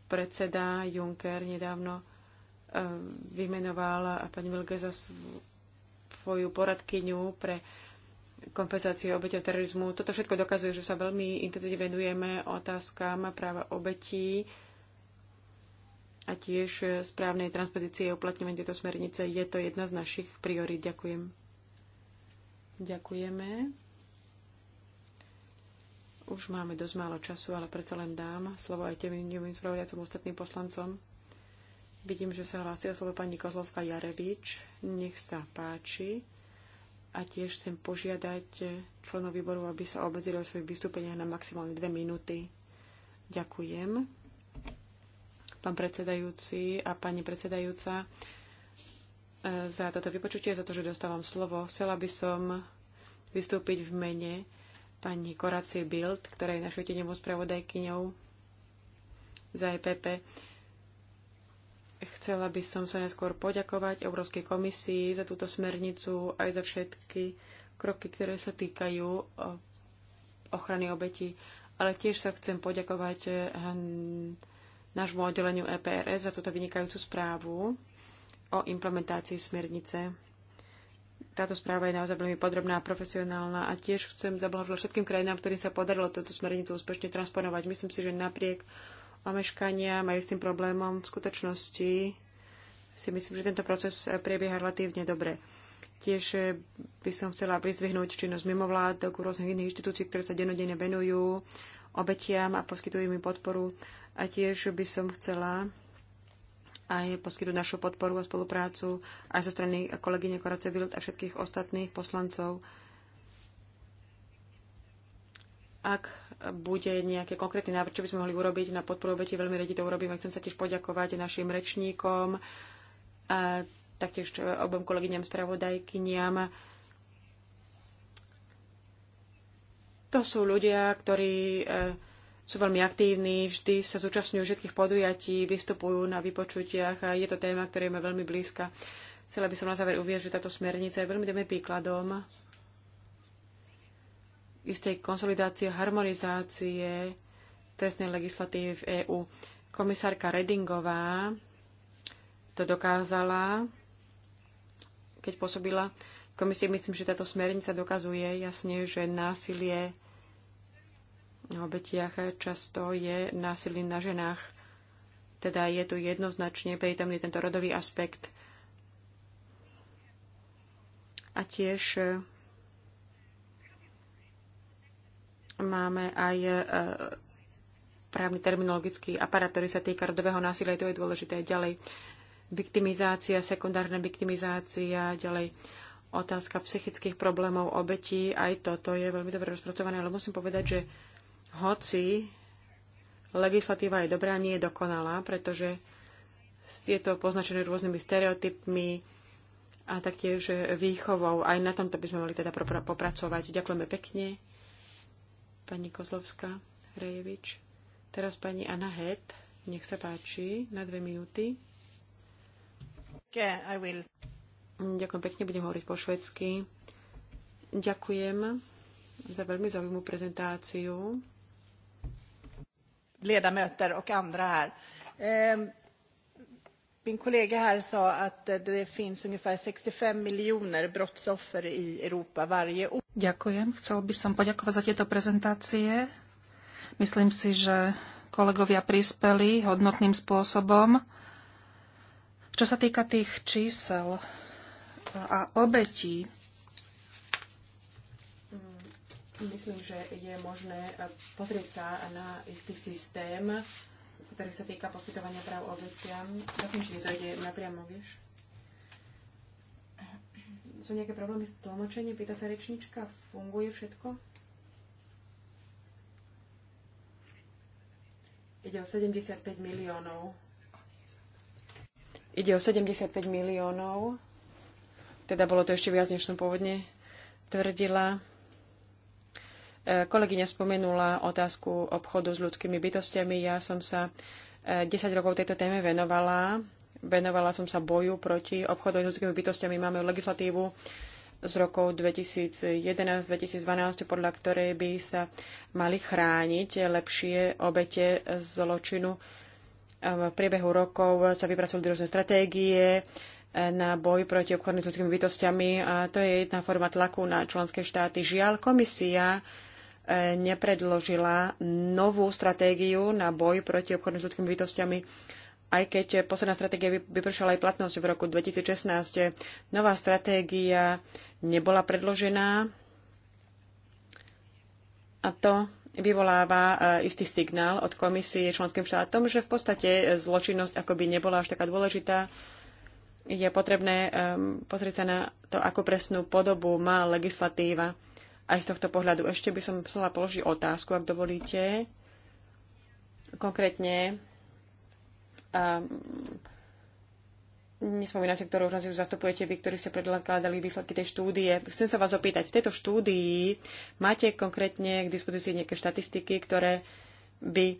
Predseda Juncker nedávno E, vymenoval pani Vilke za svoju poradkyňu pre kompenzáciu obete terorizmu. Toto všetko dokazuje, že sa veľmi intenzívne venujeme otázkam práva obetí a tiež správnej transpozície a uplatňovania tejto smernice. Je to jedna z našich priorít. Ďakujem. Ďakujeme. Už máme dosť málo času, ale predsa len dám slovo aj tým spravodajcom ostatným poslancom. Vidím, že sa hlási o slovo pani Kozlovská Jarevič. Nech sa páči. A tiež chcem požiadať členov výboru, aby sa obmedzili o svojich vystúpeniach na maximálne dve minúty. Ďakujem. Pán predsedajúci a pani predsedajúca, e, za toto vypočutie, za to, že dostávam slovo. Chcela by som vystúpiť v mene pani Koracie Bild, ktorá je našou tenevou spravodajkyňou za EPP. Chcela by som sa neskôr poďakovať Európskej komisii za túto smernicu aj za všetky kroky, ktoré sa týkajú e, ochrany obetí. Ale tiež sa chcem poďakovať e, nášmu oddeleniu EPRS za túto vynikajúcu správu o implementácii smernice. Táto správa je naozaj veľmi podrobná a profesionálna a tiež chcem zablahovať všetkým krajinám, ktorým sa podarilo túto smernicu úspešne transponovať. Myslím si, že napriek omeškania, majú s tým problémom. V skutočnosti si myslím, že tento proces prebieha relatívne dobre. Tiež eh, by som chcela vyzdvihnúť činnosť mimovládok, rôznych iných inštitúcií, ktoré sa denodene venujú obetiam a poskytujú im podporu. A tiež by som chcela aj poskytnúť našu podporu a spoluprácu aj zo strany kolegyne Korace Vild a všetkých ostatných poslancov ak bude nejaký konkrétny návrh, čo by sme mohli urobiť na podporu obeti, veľmi radi to urobíme. Chcem sa tiež poďakovať našim rečníkom a taktiež obom kolegyňam spravodajkyniam. To sú ľudia, ktorí e, sú veľmi aktívni, vždy sa zúčastňujú všetkých podujatí, vystupujú na vypočutiach a je to téma, ktorá je veľmi blízka. Chcela by som na záver uvieť, že táto smernica je veľmi dobrým príkladom istej konsolidácie, harmonizácie trestnej legislatívy v EÚ. Komisárka Redingová to dokázala, keď pôsobila komisie. Myslím, že táto smernica dokazuje jasne, že násilie na obetiach často je násilím na ženách. Teda je tu jednoznačne prítomný tento rodový aspekt. A tiež Máme aj e, právny terminologický aparát, ktorý sa týka rodového násilia, to je dôležité. Ďalej viktimizácia, sekundárna viktimizácia, ďalej otázka psychických problémov obetí, aj toto je veľmi dobre rozpracované, ale musím povedať, že hoci legislatíva je dobrá, nie je dokonalá, pretože je to poznačené rôznymi stereotypmi a taktiež výchovou. Aj na tomto by sme mali teda popracovať. Ďakujeme pekne pani Kozlovská Rejevič. Teraz pani Anna Het. Nech sa páči, na dve minúty. Yeah, I will. Ďakujem pekne, budem hovoriť po švedsky. Ďakujem za veľmi zaujímavú prezentáciu. Ledamöter och andra här. Ehm, Min kollega här sa att det finns ungefär 65 miljoner brottsoffer i Europa varje år. Ďakujem. Chcel by som poďakovať za tieto prezentácie. Myslím si, že kolegovia prispeli hodnotným spôsobom. Čo sa týka tých čísel a obetí, mm, myslím, že je možné pozrieť sa na istý systém, ktorý sa týka poskytovania práv obetiam. Dúfam, či to ide napriamo, vieš. Sú nejaké problémy s tlmočením? Pýta sa rečnička, funguje všetko? Ide o 75 miliónov. Ide o 75 miliónov. Teda bolo to ešte viac, než som pôvodne tvrdila. Kolegyňa spomenula otázku obchodu s ľudskými bytostiami. Ja som sa 10 e, rokov tejto téme venovala. Venovala som sa boju proti obchodu s ľudskými bytostiami. Máme legislatívu z rokov 2011-2012, podľa ktorej by sa mali chrániť lepšie obete zločinu. V priebehu rokov sa vypracovali rôzne stratégie, e, na boj proti obchodným ľudskými bytostiami a to je jedna forma tlaku na členské štáty. Žiaľ, komisia E, nepredložila novú stratégiu na boj proti obchodu s ľudskými bytostiami, aj keď posledná stratégia vypršala aj platnosť v roku 2016. Nová stratégia nebola predložená a to vyvoláva e, istý signál od komisie členským štátom, že v podstate zločinnosť akoby nebola až taká dôležitá. Je potrebné e, pozrieť sa na to, ako presnú podobu má legislatíva aj z tohto pohľadu. Ešte by som chcela položiť otázku, ak dovolíte. Konkrétne, um, nespomínam sa, ktorú organizáciu zastupujete vy, ktorí ste predkladali výsledky tej štúdie. Chcem sa vás opýtať, v tejto štúdii máte konkrétne k dispozícii nejaké štatistiky, ktoré by e,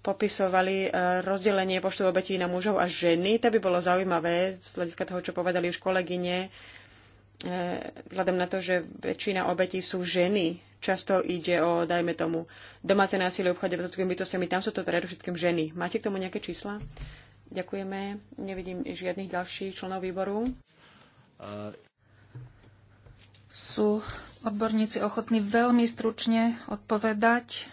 popisovali e, rozdelenie počtu obetí na mužov a ženy. To by bolo zaujímavé z hľadiska toho, čo povedali už kolegyne. E, vzhľadom na to, že väčšina obetí sú ženy, často ide o, dajme tomu, domáce násilie, obchode ľudskými bytostiami, tam sú to predovšetkým ženy. Máte k tomu nejaké čísla? Ďakujeme. Nevidím žiadnych ďalších členov výboru. Sú odborníci ochotní veľmi stručne odpovedať,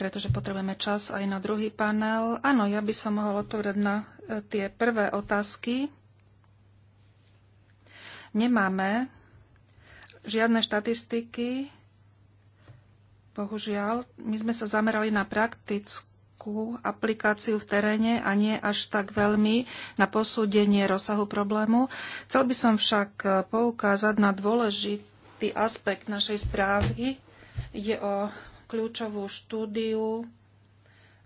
pretože potrebujeme čas aj na druhý panel. Áno, ja by som mohol odpovedať na e, tie prvé otázky. Nemáme žiadne štatistiky. Bohužiaľ, my sme sa zamerali na praktickú aplikáciu v teréne a nie až tak veľmi na posúdenie rozsahu problému. Chcel by som však poukázať na dôležitý aspekt našej správy. Ide o kľúčovú štúdiu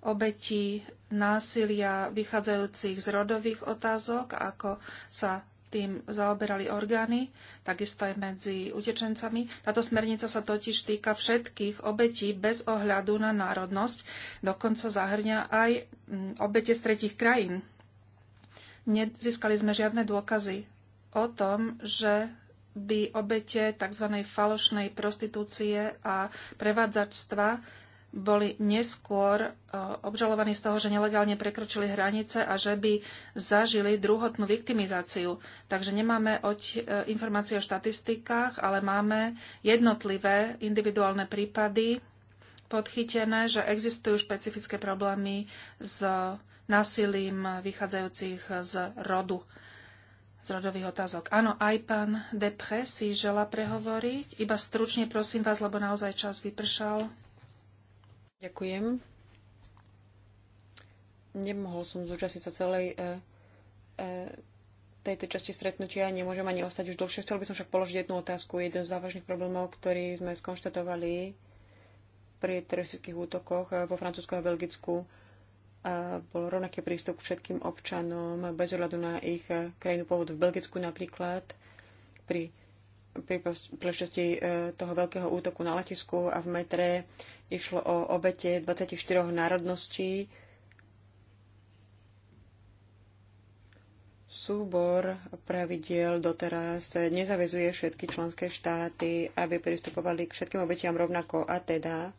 obetí násilia vychádzajúcich z rodových otázok, ako sa tým zaoberali orgány, takisto aj medzi utečencami. Táto smernica sa totiž týka všetkých obetí bez ohľadu na národnosť, dokonca zahrňa aj mm, obete z tretich krajín. Nezískali sme žiadne dôkazy o tom, že by obete tzv. falošnej prostitúcie a prevádzačstva boli neskôr e, obžalovaní z toho, že nelegálne prekročili hranice a že by zažili druhotnú viktimizáciu. Takže nemáme e, informácie o štatistikách, ale máme jednotlivé individuálne prípady podchytené, že existujú špecifické problémy s násilím vychádzajúcich z rodu, z rodových otázok. Áno, aj pán Depre si žela prehovoriť. Iba stručne prosím vás, lebo naozaj čas vypršal. Ďakujem. Nemohol som zúčastniť sa celej e, e, tejto časti stretnutia, nemôžem ani ostať už dlhšie. Chcel by som však položiť jednu otázku. Jeden z závažných problémov, ktorý sme skonštatovali pri teroristických útokoch e, vo Francúzsku a Belgicku, a e, bol rovnaký prístup k všetkým občanom bez ohľadu na ich e, krajinu pôvodu. V Belgicku napríklad pri pri príležitosti toho veľkého útoku na letisku a v metre Išlo o obete 24 národností. Súbor pravidiel doteraz nezavezuje všetky členské štáty, aby pristupovali k všetkým obetiam rovnako a teda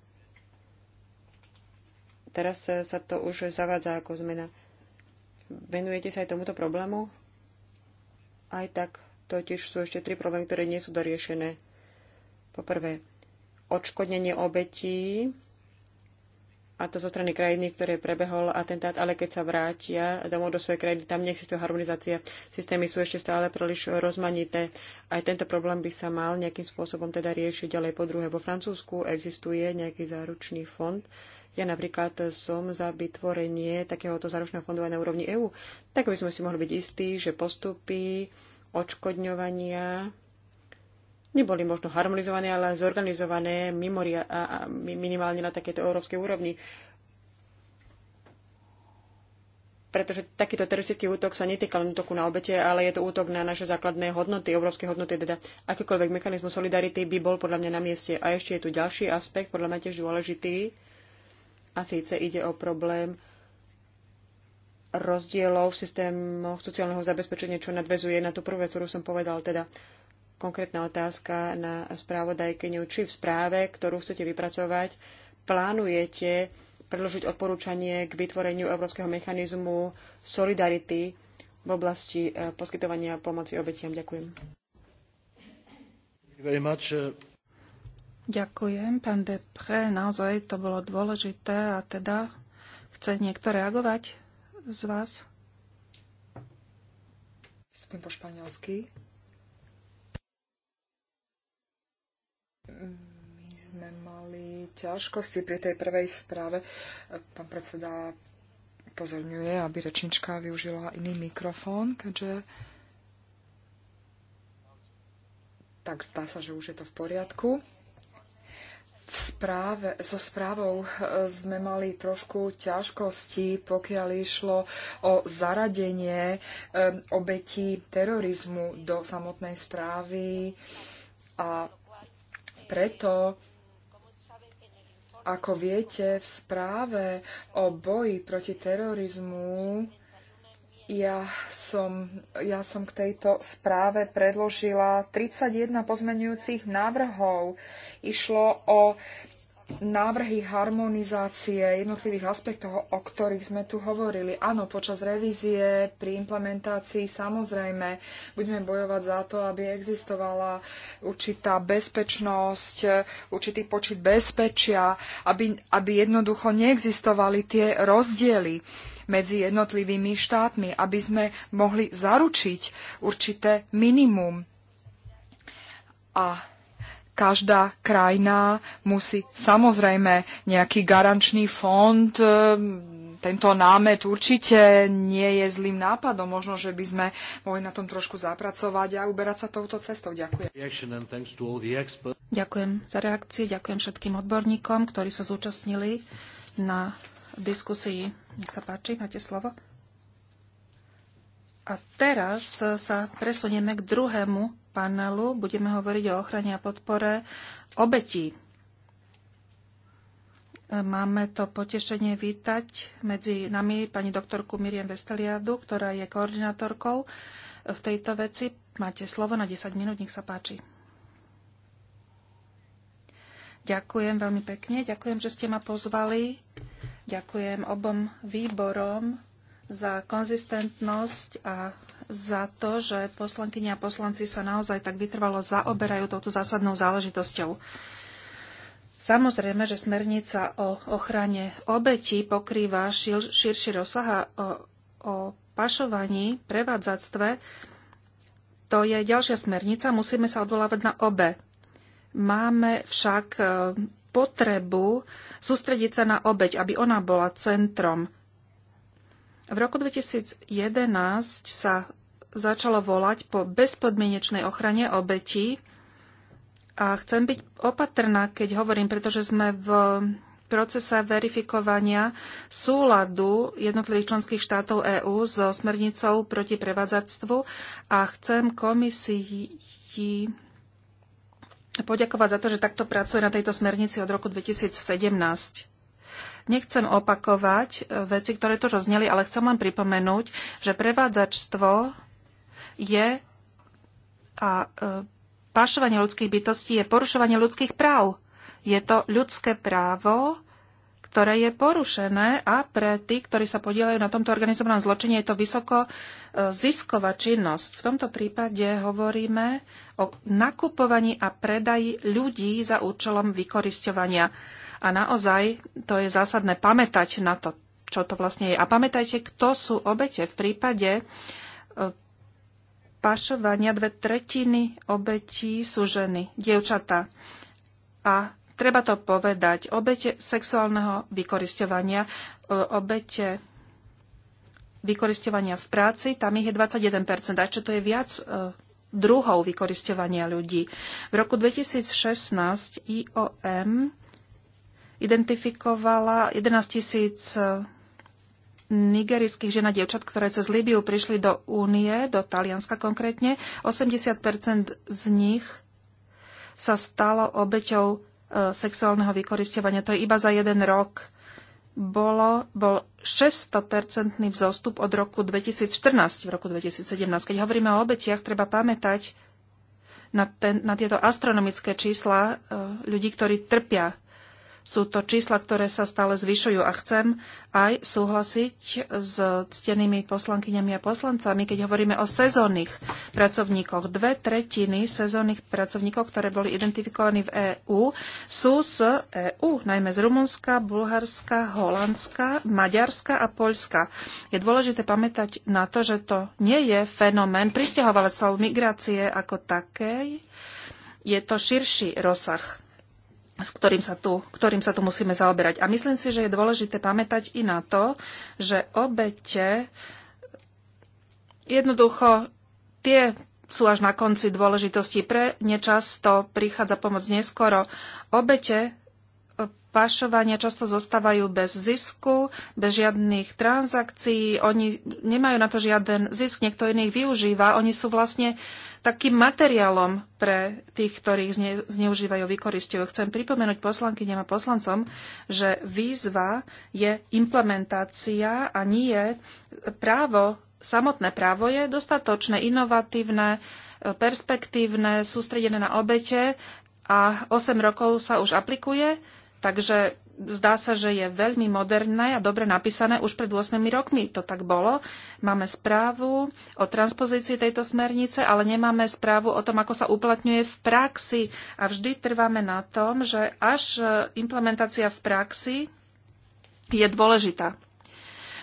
teraz sa to už zavádza ako zmena. Venujete sa aj tomuto problému? Aj tak totiž sú ešte tri problémy, ktoré nie sú doriešené. Poprvé, odškodnenie obetí, a to zo strany krajiny, ktoré prebehol atentát, ale keď sa vrátia domov do svojej krajiny, tam neexistuje harmonizácia. Systémy sú ešte stále príliš rozmanité. Aj tento problém by sa mal nejakým spôsobom teda riešiť ďalej. Po druhé, vo Francúzsku existuje nejaký záručný fond. Ja napríklad som za vytvorenie takéhoto záručného fondu aj na úrovni EÚ. Tak by sme si mohli byť istí, že postupy odškodňovania neboli možno harmonizované, ale zorganizované mimoria, a, a minimálne na takéto európskej úrovni. Pretože takýto teroristický útok sa netýka len útoku na obete, ale je to útok na naše základné hodnoty, európske hodnoty, teda akýkoľvek mechanizmus solidarity by bol podľa mňa na mieste. A ešte je tu ďalší aspekt, podľa mňa tiež dôležitý, a síce ide o problém rozdielov v systémoch sociálneho zabezpečenia, čo nadvezuje na tú prvú vec, ktorú som povedal, teda konkrétna otázka na správodajkyňu, či v správe, ktorú chcete vypracovať, plánujete predložiť odporúčanie k vytvoreniu Európskeho mechanizmu solidarity v oblasti e, poskytovania pomoci obetiam. Ďakujem. Uh, Ďakujem, pán Depre. Naozaj to bolo dôležité a teda chce niekto reagovať z vás? Vstupím po španielsky. My sme mali ťažkosti pri tej prvej správe. Pán predseda upozorňuje, aby rečnička využila iný mikrofón, keďže tak zdá sa, že už je to v poriadku. V správe, so správou eh, sme mali trošku ťažkosti, pokiaľ išlo o zaradenie eh, obetí terorizmu do samotnej správy a preto, ako viete, v správe o boji proti terorizmu ja som, ja som k tejto správe predložila 31 pozmenujúcich návrhov. Išlo o návrhy harmonizácie jednotlivých aspektov, o ktorých sme tu hovorili. Áno, počas revízie, pri implementácii samozrejme budeme bojovať za to, aby existovala určitá bezpečnosť, určitý počet bezpečia, aby, aby jednoducho neexistovali tie rozdiely medzi jednotlivými štátmi, aby sme mohli zaručiť určité minimum. A každá krajina musí samozrejme nejaký garančný fond. E, tento námet určite nie je zlým nápadom. Možno, že by sme mohli na tom trošku zapracovať a uberať sa touto cestou. Ďakujem. Ďakujem za reakcie, ďakujem všetkým odborníkom, ktorí sa zúčastnili na diskusii. Nech sa páči, máte slovo. A teraz sa presunieme k druhému panelu. Budeme hovoriť o ochrane a podpore obetí. Máme to potešenie vítať medzi nami pani doktorku Miriam Vesteliadu, ktorá je koordinátorkou v tejto veci. Máte slovo na 10 minút, nech sa páči. Ďakujem veľmi pekne, ďakujem, že ste ma pozvali. Ďakujem obom výborom za konzistentnosť a za to, že poslankyni a poslanci sa naozaj tak vytrvalo zaoberajú touto zásadnou záležitosťou. Samozrejme, že smernica o ochrane obetí pokrýva šir, širší rozsah o, o pašovaní, prevádzactve. To je ďalšia smernica, musíme sa odvolávať na obe. Máme však e, potrebu sústrediť sa na obeď, aby ona bola centrom v roku 2011 sa začalo volať po bezpodmienečnej ochrane obetí a chcem byť opatrná, keď hovorím, pretože sme v procesa verifikovania súladu jednotlivých členských štátov EÚ so smernicou proti prevádzactvu a chcem komisii poďakovať za to, že takto pracuje na tejto smernici od roku 2017. Nechcem opakovať e, veci, ktoré tu už ale chcem len pripomenúť, že prevádzačstvo je a e, pašovanie ľudských bytostí je porušovanie ľudských práv. Je to ľudské právo, ktoré je porušené a pre tých, ktorí sa podielajú na tomto organizovanom zločine, je to vysoko e, zisková činnosť. V tomto prípade hovoríme o nakupovaní a predaji ľudí za účelom vykoristovania. A naozaj to je zásadné pamätať na to, čo to vlastne je. A pamätajte, kto sú obete. V prípade e, pašovania dve tretiny obetí sú ženy, dievčatá. A treba to povedať, obete sexuálneho vykoristovania, e, obete vykoristovania v práci, tam ich je 21%, a čo to je viac e, druhov vykoristovania ľudí. V roku 2016 IOM identifikovala 11 tisíc eh, nigerijských žien a dievčat, ktoré cez Líbiu prišli do Únie, do Talianska konkrétne. 80% z nich sa stalo obeťou eh, sexuálneho vykoristovania. To je iba za jeden rok. Bolo, bol 600-percentný vzostup od roku 2014 v roku 2017. Keď hovoríme o obetiach, treba pamätať na, ten, na tieto astronomické čísla eh, ľudí, ktorí trpia sú to čísla, ktoré sa stále zvyšujú a chcem aj súhlasiť s ctenými poslankyňami a poslancami, keď hovoríme o sezónnych pracovníkoch. Dve tretiny sezónnych pracovníkov, ktoré boli identifikovaní v EÚ, sú z EÚ, najmä z Rumunska, Bulharska, Holandska, Maďarska a Poľska. Je dôležité pamätať na to, že to nie je fenomén pristahovalectva migrácie ako takej, je to širší rozsah s ktorým sa, tu, ktorým sa tu musíme zaoberať. A myslím si, že je dôležité pamätať i na to, že obete jednoducho tie sú až na konci dôležitosti. Pre nečasto prichádza pomoc neskoro. Obete e, pašovania často zostávajú bez zisku, bez žiadnych transakcií. Oni nemajú na to žiaden zisk, niekto iných využíva. Oni sú vlastne uh, takým materiálom pre tých, ktorých zne, zneužívajú, vykoristujú. Chcem pripomenúť poslankyňam a poslancom, že výzva je implementácia a nie je právo, samotné právo je dostatočné, inovatívne, e, perspektívne, sústredené na obete a 8 rokov sa už aplikuje, takže zdá sa, že je veľmi moderné a dobre napísané. Už pred 8 rokmi to tak bolo. Máme správu o transpozícii tejto smernice, ale nemáme správu o tom, ako sa uplatňuje v praxi. A vždy trváme na tom, že až implementácia v praxi je dôležitá.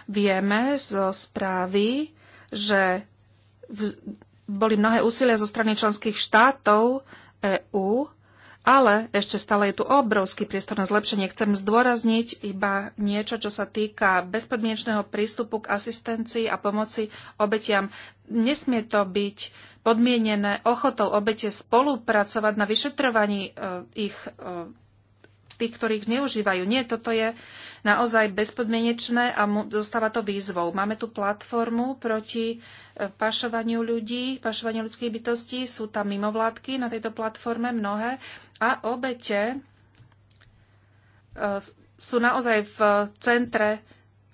Vieme zo správy, že boli mnohé úsilia zo strany členských štátov EU. Ale ešte stále je tu obrovský priestor na zlepšenie. Chcem zdôrazniť iba niečo, čo sa týka bezpodmienečného prístupu k asistencii a pomoci obetiam. Nesmie to byť podmienené ochotou obete spolupracovať na vyšetrovaní e, ich e, tých, ktorých zneužívajú. Nie, toto je naozaj bezpodmienečné a zostáva to výzvou. Máme tu platformu proti e, pašovaniu ľudí, pašovaniu ľudských bytostí. Sú tam mimovládky na tejto platforme mnohé a obete e, sú naozaj v centre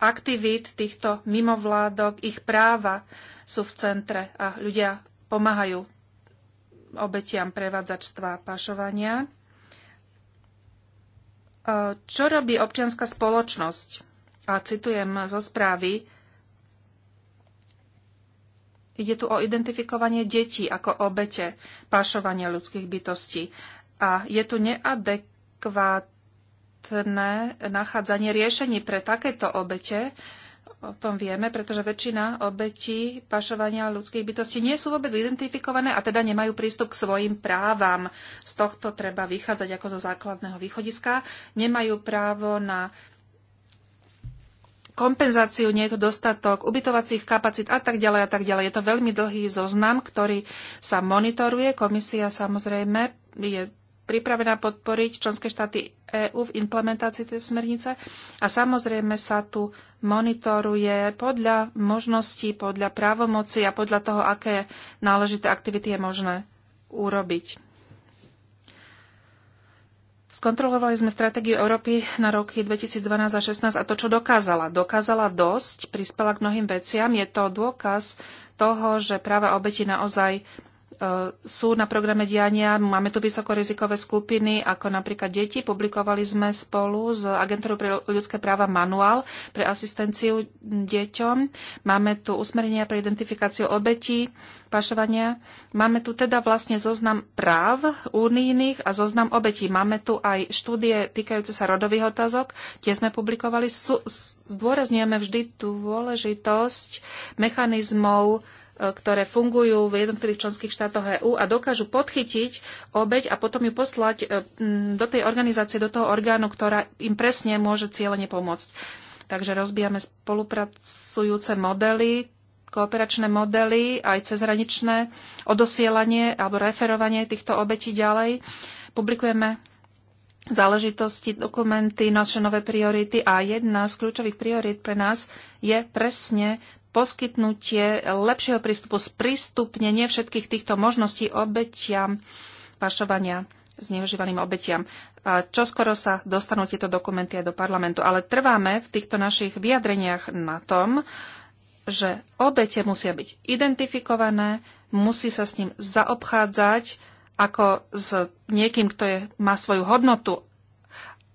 aktivít týchto mimovládok, ich práva sú v centre a ľudia pomáhajú obetiam prevádzačstva a pašovania. E, čo robí občianská spoločnosť? A citujem zo správy. Ide tu o identifikovanie detí ako obete pašovania ľudských bytostí. A je tu neadekvátne nachádzanie riešení pre takéto obete, o tom vieme, pretože väčšina obetí pašovania ľudských bytostí nie sú vôbec identifikované a teda nemajú prístup k svojim právam. Z tohto treba vychádzať ako zo základného východiska. Nemajú právo na kompenzáciu, nie je to dostatok ubytovacích kapacít a tak ďalej a tak ďalej. Je to veľmi dlhý zoznam, ktorý sa monitoruje. Komisia samozrejme je pripravená podporiť členské štáty EÚ v implementácii tej smernice a samozrejme sa tu monitoruje podľa možností, podľa právomoci a podľa toho, aké náležité aktivity je možné urobiť. Skontrolovali sme stratégiu Európy na roky 2012 a 2016 a to, čo dokázala. Dokázala dosť, prispela k mnohým veciam. Je to dôkaz toho, že práva obeti naozaj E, sú na programe diania. Máme tu vysokorizikové skupiny, ako napríklad deti. Publikovali sme spolu s Agentúrou pre ľudské práva manuál pre asistenciu deťom. Máme tu usmerenia pre identifikáciu obetí pašovania. Máme tu teda vlastne zoznam práv únijných a zoznam obetí. Máme tu aj štúdie týkajúce sa rodových otázok. Tie sme publikovali. Zdôrazňujeme vždy dôležitosť mechanizmov E, ktoré fungujú v jednotlivých členských štátoch EÚ a dokážu podchytiť obeď a potom ju poslať e, do tej organizácie, do toho orgánu, ktorá im presne môže cieľene pomôcť. Takže rozbijame spolupracujúce modely, kooperačné modely, aj cezhraničné odosielanie alebo referovanie týchto obetí ďalej. Publikujeme záležitosti, dokumenty, naše nové priority a jedna z kľúčových priorit pre nás je presne poskytnutie lepšieho prístupu, sprístupnenie všetkých týchto možností obetiam pašovania zneužívaným obetiam. čo skoro sa dostanú tieto dokumenty aj do parlamentu. Ale trváme v týchto našich vyjadreniach na tom, že obete musia byť identifikované, musí sa s ním zaobchádzať ako s niekým, kto je, má svoju hodnotu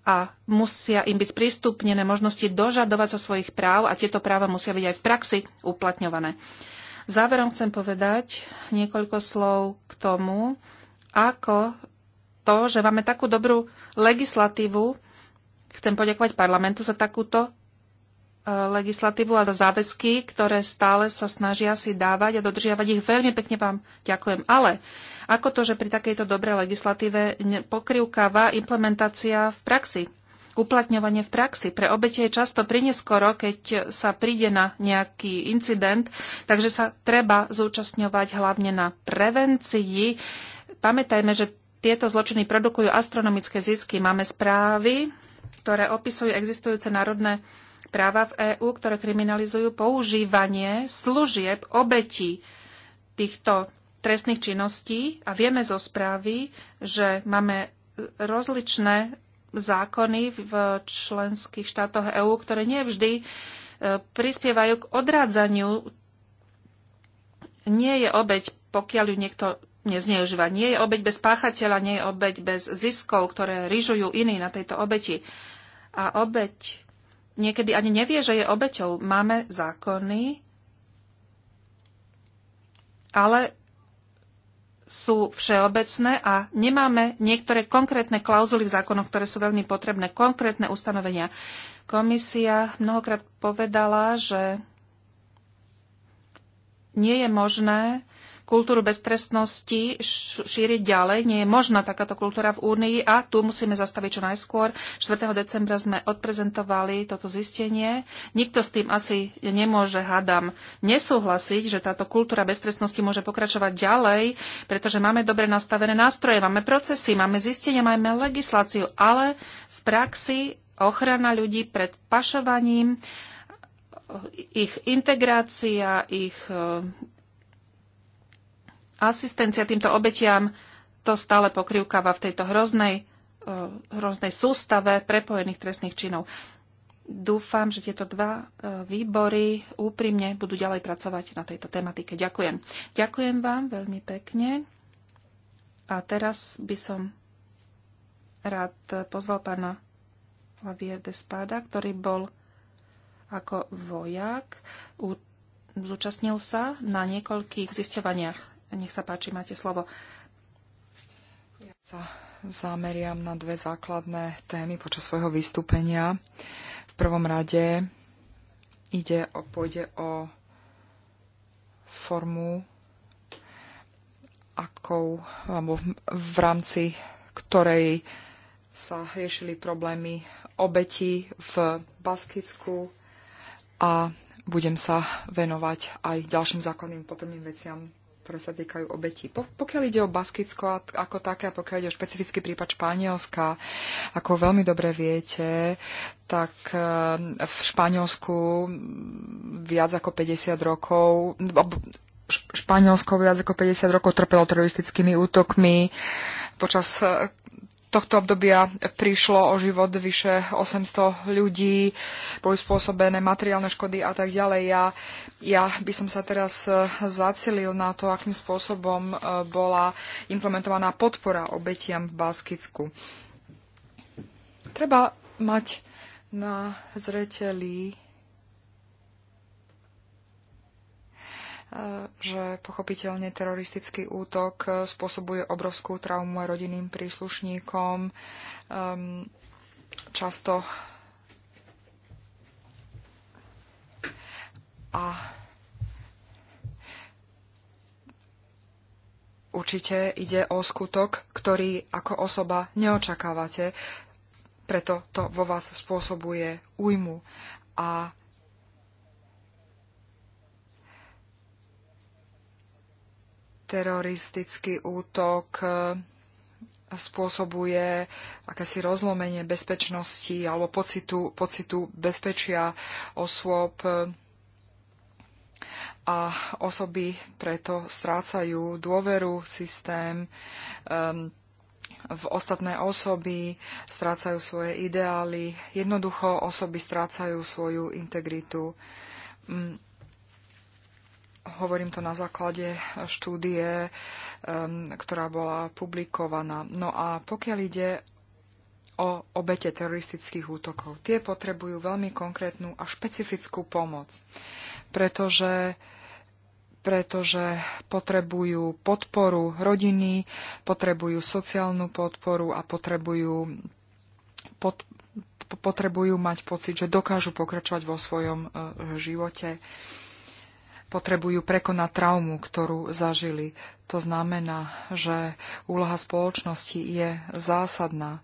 a musia im byť sprístupnené možnosti dožadovať sa svojich práv a tieto práva musia byť aj v praxi uplatňované. Záverom chcem povedať niekoľko slov k tomu, ako to, že máme takú dobrú legislatívu, chcem poďakovať parlamentu za takúto legislatívu a za záväzky, ktoré stále sa snažia si dávať a dodržiavať ich. Veľmi pekne vám ďakujem. Ale ako to, že pri takejto dobrej legislatíve pokrivkáva implementácia v praxi? uplatňovanie v praxi. Pre obete je často prineskoro, keď sa príde na nejaký incident, takže sa treba zúčastňovať hlavne na prevencii. Pamätajme, že tieto zločiny produkujú astronomické zisky. Máme správy, ktoré opisujú existujúce národné práva v EÚ, ktoré kriminalizujú používanie služieb obetí týchto trestných činností a vieme zo správy, že máme rozličné zákony v členských štátoch EÚ, ktoré nevždy e, prispievajú k odrádzaniu. Nie je obeď, pokiaľ ju niekto nezneužíva. Nie je obeď bez páchateľa, nie je obeď bez ziskov, ktoré ryžujú iní na tejto obeti. A obeď niekedy ani nevie, že je obeťou. Máme zákony, ale sú všeobecné a nemáme niektoré konkrétne klauzuly v zákonoch, ktoré sú veľmi potrebné, konkrétne ustanovenia. Komisia mnohokrát povedala, že nie je možné kultúru beztrestnosti šíriť ďalej. Nie je možná takáto kultúra v Únii a tu musíme zastaviť čo najskôr. 4. decembra sme odprezentovali toto zistenie. Nikto s tým asi nemôže, hádam nesúhlasiť, že táto kultúra beztrestnosti môže pokračovať ďalej, pretože máme dobre nastavené nástroje, máme procesy, máme zistenia, máme legisláciu, ale v praxi ochrana ľudí pred pašovaním, ich integrácia, ich asistencia týmto obetiam to stále pokrivkáva v tejto hroznej, e, hroznej sústave prepojených trestných činov. Dúfam, že tieto dva e, výbory úprimne budú ďalej pracovať na tejto tematike. Ďakujem. Ďakujem vám veľmi pekne. A teraz by som rád pozval pána Lavier de Spada, ktorý bol ako vojak, zúčastnil sa na niekoľkých zisťovaniach nech sa páči, máte slovo. Ja sa zameriam na dve základné témy počas svojho vystúpenia. V prvom rade ide o, pôjde o formu, akou, alebo v rámci ktorej sa riešili problémy obetí v Baskicku a budem sa venovať aj ďalším zákonným potrebným veciam ktoré sa týkajú obetí. Pokiaľ ide o Baskicko ako také a pokiaľ ide o špecifický prípad Španielska, ako veľmi dobre viete, tak eh, v Španielsku viac ako 50 rokov no, Španielsko viac ako 50 rokov trpelo teroristickými útokmi. Počas eh, tohto obdobia prišlo o život vyše 800 ľudí, boli spôsobené materiálne škody a tak ďalej. Ja, ja by som sa teraz e, zacelil na to, akým spôsobom e, bola implementovaná podpora obetiam v Baskicku. Treba mať na zreteli že pochopiteľne teroristický útok spôsobuje obrovskú traumu aj rodinným príslušníkom. Ehm, často a určite ide o skutok, ktorý ako osoba neočakávate, preto to vo vás spôsobuje újmu. A teroristický útok e, spôsobuje akési rozlomenie bezpečnosti alebo pocitu, pocitu bezpečia osôb e, a osoby preto strácajú dôveru v systém, um, v ostatné osoby strácajú svoje ideály, jednoducho osoby strácajú svoju integritu. Um, hovorím to na základe štúdie, ktorá bola publikovaná. No a pokiaľ ide o obete teroristických útokov, tie potrebujú veľmi konkrétnu a špecifickú pomoc, pretože pretože potrebujú podporu rodiny, potrebujú sociálnu podporu a potrebujú, pod, potrebujú mať pocit, že dokážu pokračovať vo svojom e, živote potrebujú prekonať traumu, ktorú zažili. To znamená, že úloha spoločnosti je zásadná.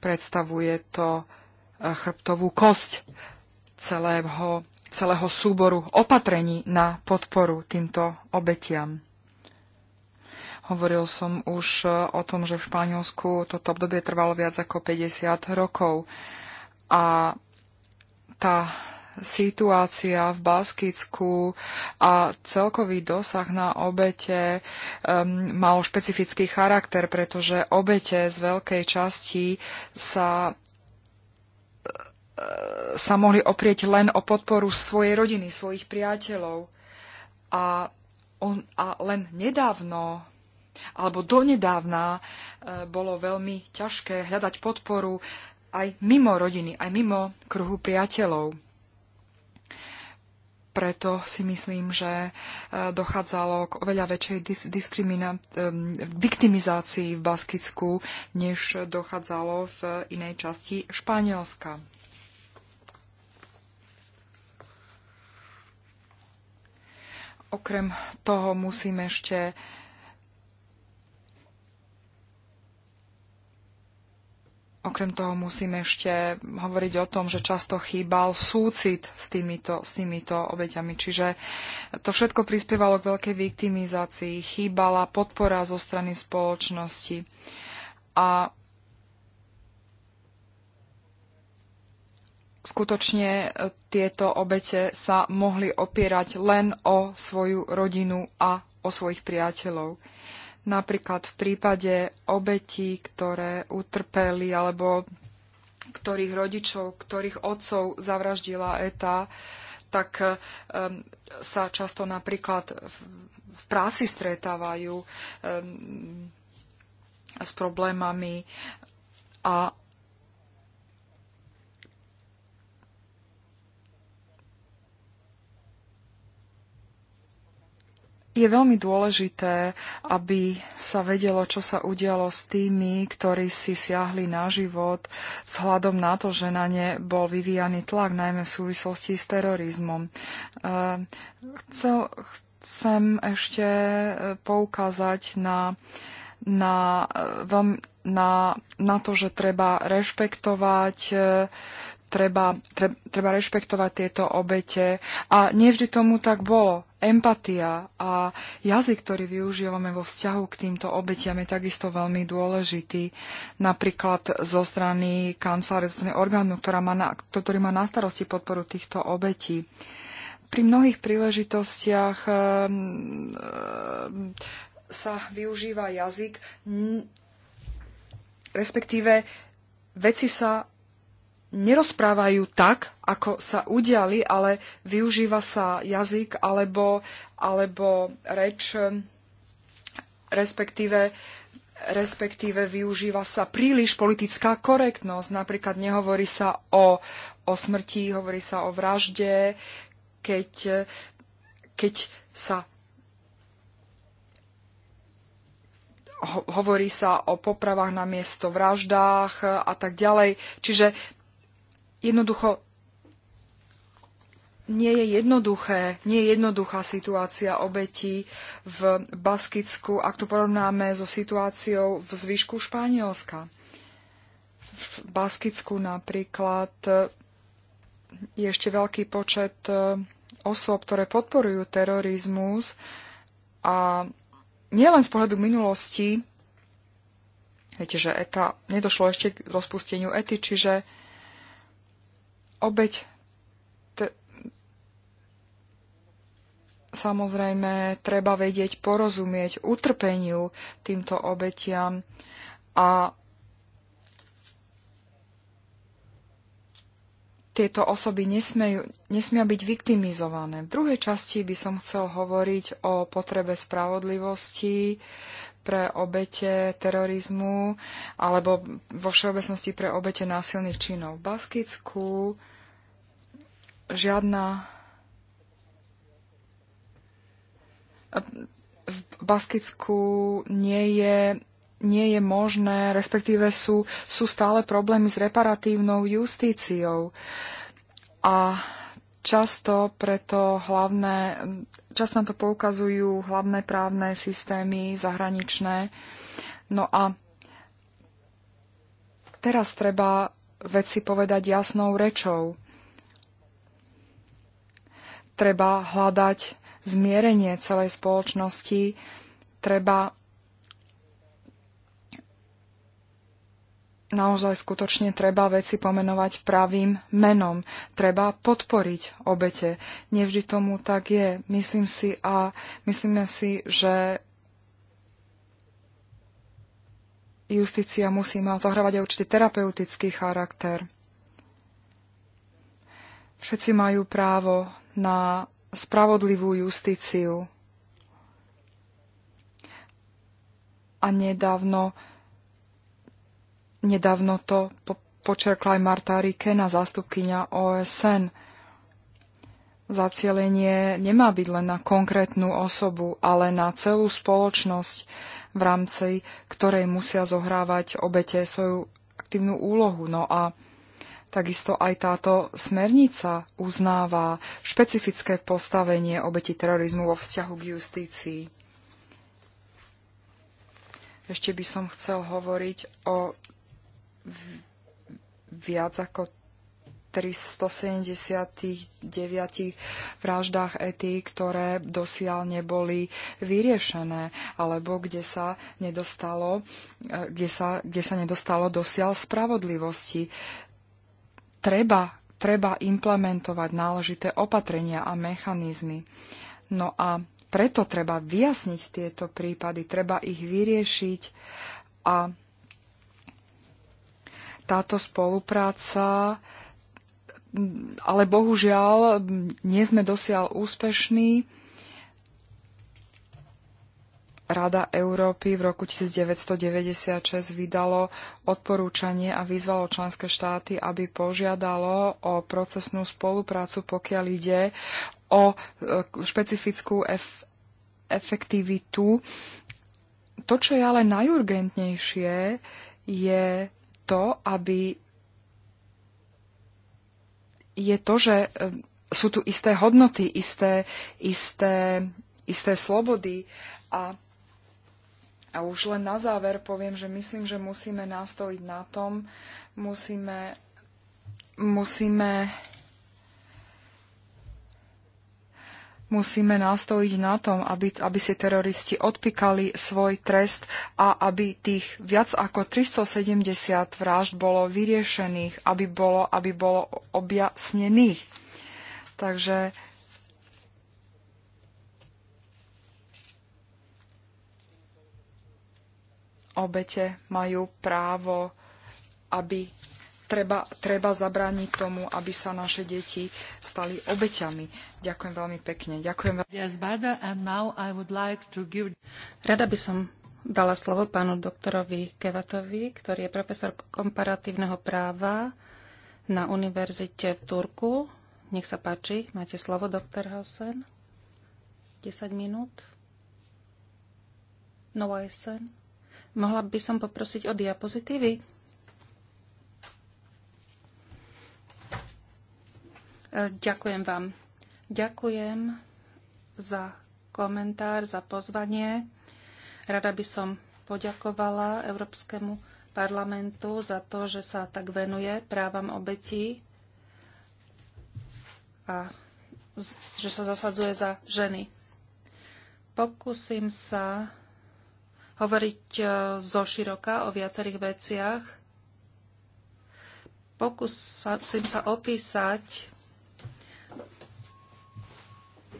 Predstavuje to eh, chrbtovú kosť celého, celého súboru opatrení na podporu týmto obetiam. Hovoril som už eh, o tom, že v Španielsku toto obdobie trvalo viac ako 50 rokov a tá situácia v Baskicku a celkový dosah na obete um, mal špecifický charakter, pretože obete z veľkej časti sa uh, sa mohli oprieť len o podporu svojej rodiny, svojich priateľov. A, on, a len nedávno, alebo donedávna, uh, bolo veľmi ťažké hľadať podporu aj mimo rodiny, aj mimo kruhu priateľov. Preto si myslím, že e, dochádzalo k oveľa väčšej dis- viktimizácii v Baskicku, než dochádzalo v inej časti Španielska. Okrem toho musím ešte uh, Okrem toho musíme ešte hovoriť o tom, že často chýbal súcit s týmito, s týmito obeťami. Čiže to všetko prispievalo k veľkej viktimizácii, chýbala podpora zo strany spoločnosti. A skutočne e, tieto obete sa mohli opierať len o svoju rodinu a o svojich priateľov napríklad v prípade obetí, ktoré utrpeli alebo ktorých rodičov, ktorých otcov zavraždila ETA, tak um, sa často napríklad v, v práci stretávajú um, s problémami a Je veľmi dôležité, aby sa vedelo, čo sa udialo s tými, ktorí si siahli na život vzhľadom na to, že na ne bol vyvíjaný tlak, najmä v súvislosti s terorizmom. Eh, chcel, chcem ešte eh, poukázať na, na, eh, na, na to, že treba rešpektovať treba, treba, treba rešpektovať tieto obete a nevždy tomu tak bolo. Empatia a jazyk, ktorý využívame vo vzťahu k týmto obetiam je takisto veľmi dôležitý. Napríklad zo strany kancelárie, zo strany orgánu, ktorá má na, ktorý má na starosti podporu týchto obetí. Pri mnohých príležitostiach e, e, sa využíva jazyk, respektíve veci sa nerozprávajú tak, ako sa udiali, ale využíva sa jazyk alebo, alebo reč, respektíve, respektíve využíva sa príliš politická korektnosť. Napríklad nehovorí sa o, o smrti, hovorí sa o vražde, keď, keď sa hovorí sa o popravách na miesto vraždách a tak ďalej. Čiže Jednoducho nie je jednoduché, nie je jednoduchá situácia obetí v Baskicku, ak to porovnáme so situáciou v zvyšku Španielska. V Baskicku napríklad je ešte veľký počet e, osôb, ktoré podporujú terorizmus a nielen z pohľadu minulosti, viete, že ETA, nedošlo ešte k rozpusteniu ETI, čiže Obeď samozrejme treba vedieť porozumieť utrpeniu týmto obetiam a tieto osoby nesmejú, nesmia byť viktimizované. V druhej časti by som chcel hovoriť o potrebe spravodlivosti pre obete terorizmu alebo vo všeobecnosti pre obete násilných činov. V Baskicku žiadna v Baskicku nie je, nie je možné, respektíve sú, sú stále problémy s reparatívnou justíciou. A často preto hlavné, často na to poukazujú hlavné právne systémy zahraničné. No a teraz treba veci povedať jasnou rečou treba hľadať zmierenie celej spoločnosti, treba naozaj skutočne treba veci pomenovať pravým menom. Treba podporiť obete. Nevždy tomu tak je. Myslím si a myslíme si, že justícia musí mať zahrávať aj určitý terapeutický charakter. Všetci majú právo na spravodlivú justíciu. A nedávno, nedávno to po, počerkla aj Marta Rikena, zástupkynia OSN. Zacielenie nemá byť len na konkrétnu osobu, ale na celú spoločnosť, v rámci ktorej musia zohrávať obete svoju aktívnu úlohu. No a Takisto aj táto smernica uznáva špecifické postavenie obeti terorizmu vo vzťahu k justícii. Ešte by som chcel hovoriť o viac ako 379 vraždách etí, ktoré dosiaľ neboli vyriešené, alebo kde sa nedostalo, eh, kde sa, kde sa nedostalo dosiaľ spravodlivosti treba, treba implementovať náležité opatrenia a mechanizmy. No a preto treba vyjasniť tieto prípady, treba ich vyriešiť a táto spolupráca, ale bohužiaľ nie sme dosiaľ úspešní Rada Európy v roku 1996 vydalo odporúčanie a vyzvalo členské štáty, aby požiadalo o procesnú spoluprácu, pokiaľ ide o e, špecifickú ef- efektivitu. To, čo je ale najurgentnejšie, je to, aby je to, že e, sú tu isté hodnoty, isté, isté, isté slobody a a už len na záver poviem, že myslím, že musíme nastoliť na tom, musíme, musíme, musíme nastojiť na tom, aby, aby si teroristi odpikali svoj trest a aby tých viac ako 370 vražd bolo vyriešených, aby bolo, aby bolo objasnených. Takže obete majú právo, aby treba, treba zabrániť tomu, aby sa naše deti stali obeťami. Ďakujem veľmi pekne. Ďakujem veľmi. Rada by som dala slovo pánu doktorovi Kevatovi, ktorý je profesor komparatívneho práva na univerzite v Turku. Nech sa páči, máte slovo, doktor Hausen. 10 minút. Noajsen. Mohla by som poprosiť o diapozitívy? E, ďakujem vám. Ďakujem za komentár, za pozvanie. Rada by som poďakovala Európskemu parlamentu za to, že sa tak venuje právam obetí a že sa zasadzuje za ženy. Pokúsim sa hovoriť e, zo široka o viacerých veciach. Pokúsim sa opísať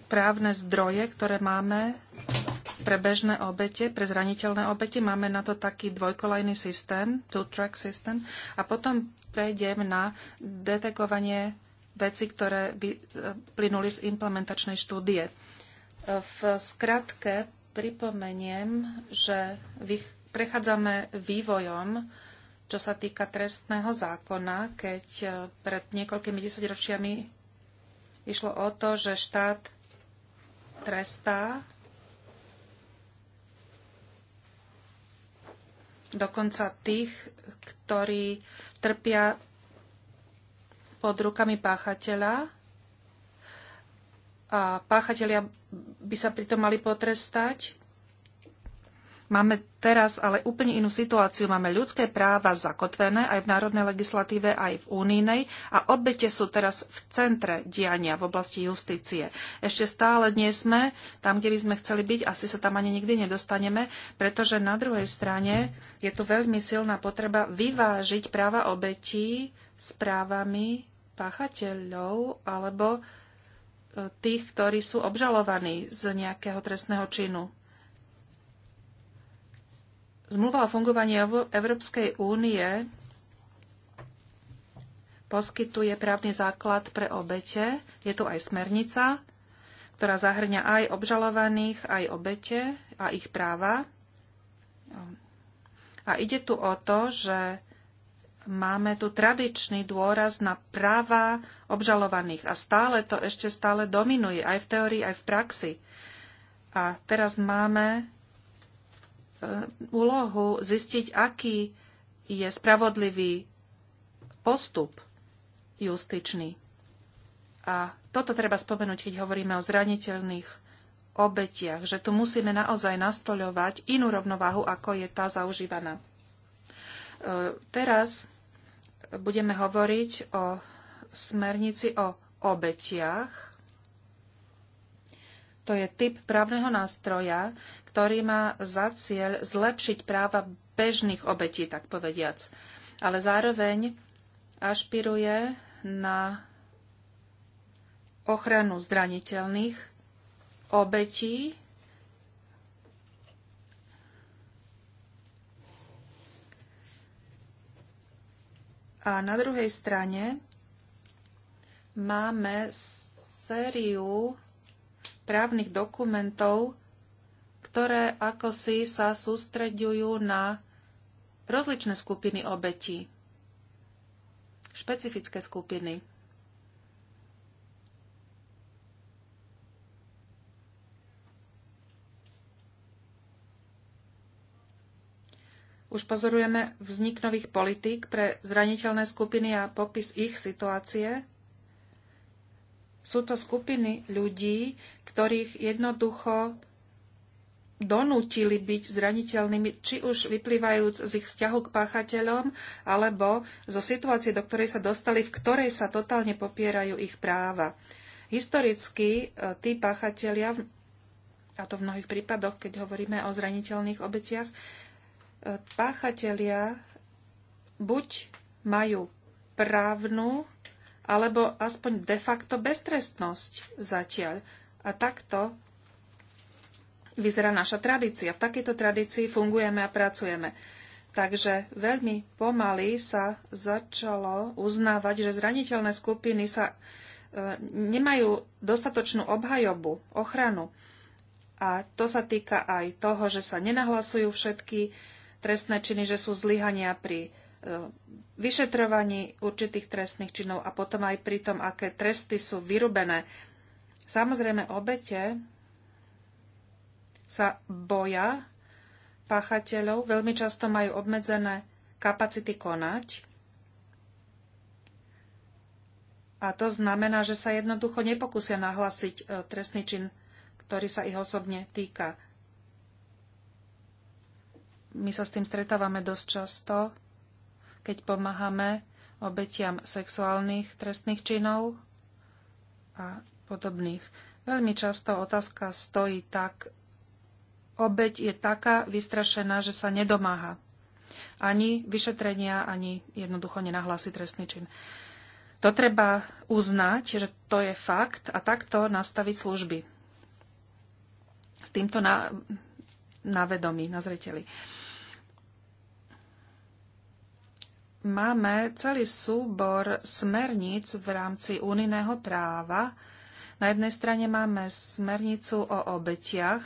právne zdroje, ktoré máme pre bežné obete, pre zraniteľné obete. Máme na to taký dvojkolajný systém, two-track system, A potom prejdem na detekovanie veci, ktoré by e, plynuli z implementačnej štúdie. E, v skratke pripomeniem, že prechádzame vývojom, čo sa týka trestného zákona, keď e, pred niekoľkými desaťročiami išlo o to, že štát trestá dokonca tých, ktorí trpia pod rukami páchateľa a páchatelia by sa pritom mali potrestať. Máme teraz ale úplne inú situáciu. Máme ľudské práva zakotvené aj v národnej legislatíve, aj v únijnej a obete sú teraz v centre diania v oblasti justície. Ešte stále nie sme tam, kde by sme chceli byť, asi sa tam ani nikdy nedostaneme, pretože na druhej strane je tu veľmi silná potreba vyvážiť práva obetí s právami páchateľov alebo tých, ktorí sú obžalovaní z nejakého trestného činu. Zmluva o fungovaní Európskej únie poskytuje právny základ pre obete. Je tu aj smernica, ktorá zahrňa aj obžalovaných, aj obete a ich práva. A ide tu o to, že máme tu tradičný dôraz na práva obžalovaných a stále to ešte stále dominuje aj v teórii, aj v praxi. A teraz máme e, úlohu zistiť, aký je spravodlivý postup justičný. A toto treba spomenúť, keď hovoríme o zraniteľných obetiach, že tu musíme naozaj nastoľovať inú rovnováhu, ako je tá zaužívaná. E, teraz budeme hovoriť o smernici o obetiach. To je typ právneho nástroja, ktorý má za cieľ zlepšiť práva bežných obetí, tak povediac. Ale zároveň ašpiruje na ochranu zraniteľných obetí A na druhej strane máme sériu právnych dokumentov, ktoré ako si sa sústreďujú na rozličné skupiny obetí, špecifické skupiny. už pozorujeme vznik nových politík pre zraniteľné skupiny a popis ich situácie. Sú to skupiny ľudí, ktorých jednoducho donútili byť zraniteľnými, či už vyplývajúc z ich vzťahu k páchateľom, alebo zo situácie, do ktorej sa dostali, v ktorej sa totálne popierajú ich práva. Historicky e, tí páchatelia, a to v mnohých prípadoch, keď hovoríme o zraniteľných obetiach, páchatelia buď majú právnu alebo aspoň de facto beztrestnosť zatiaľ. A takto vyzerá naša tradícia. V takejto tradícii fungujeme a pracujeme. Takže veľmi pomaly sa začalo uznávať, že zraniteľné skupiny sa e, nemajú dostatočnú obhajobu, ochranu. A to sa týka aj toho, že sa nenahlasujú všetky trestné činy, že sú zlyhania pri e, vyšetrovaní určitých trestných činov a potom aj pri tom, aké tresty sú vyrubené. Samozrejme, obete sa boja páchateľov, veľmi často majú obmedzené kapacity konať. A to znamená, že sa jednoducho nepokúsia nahlasiť e, trestný čin, ktorý sa ich osobne týka my sa s tým stretávame dosť často, keď pomáhame obetiam sexuálnych trestných činov a podobných. Veľmi často otázka stojí tak, obeť je taká vystrašená, že sa nedomáha ani vyšetrenia, ani jednoducho nenahlási trestný čin. To treba uznať, že to je fakt a takto nastaviť služby. S týmto na, na vedomí, na zreteli. máme celý súbor smerníc v rámci unijného práva. Na jednej strane máme smernicu o obetiach,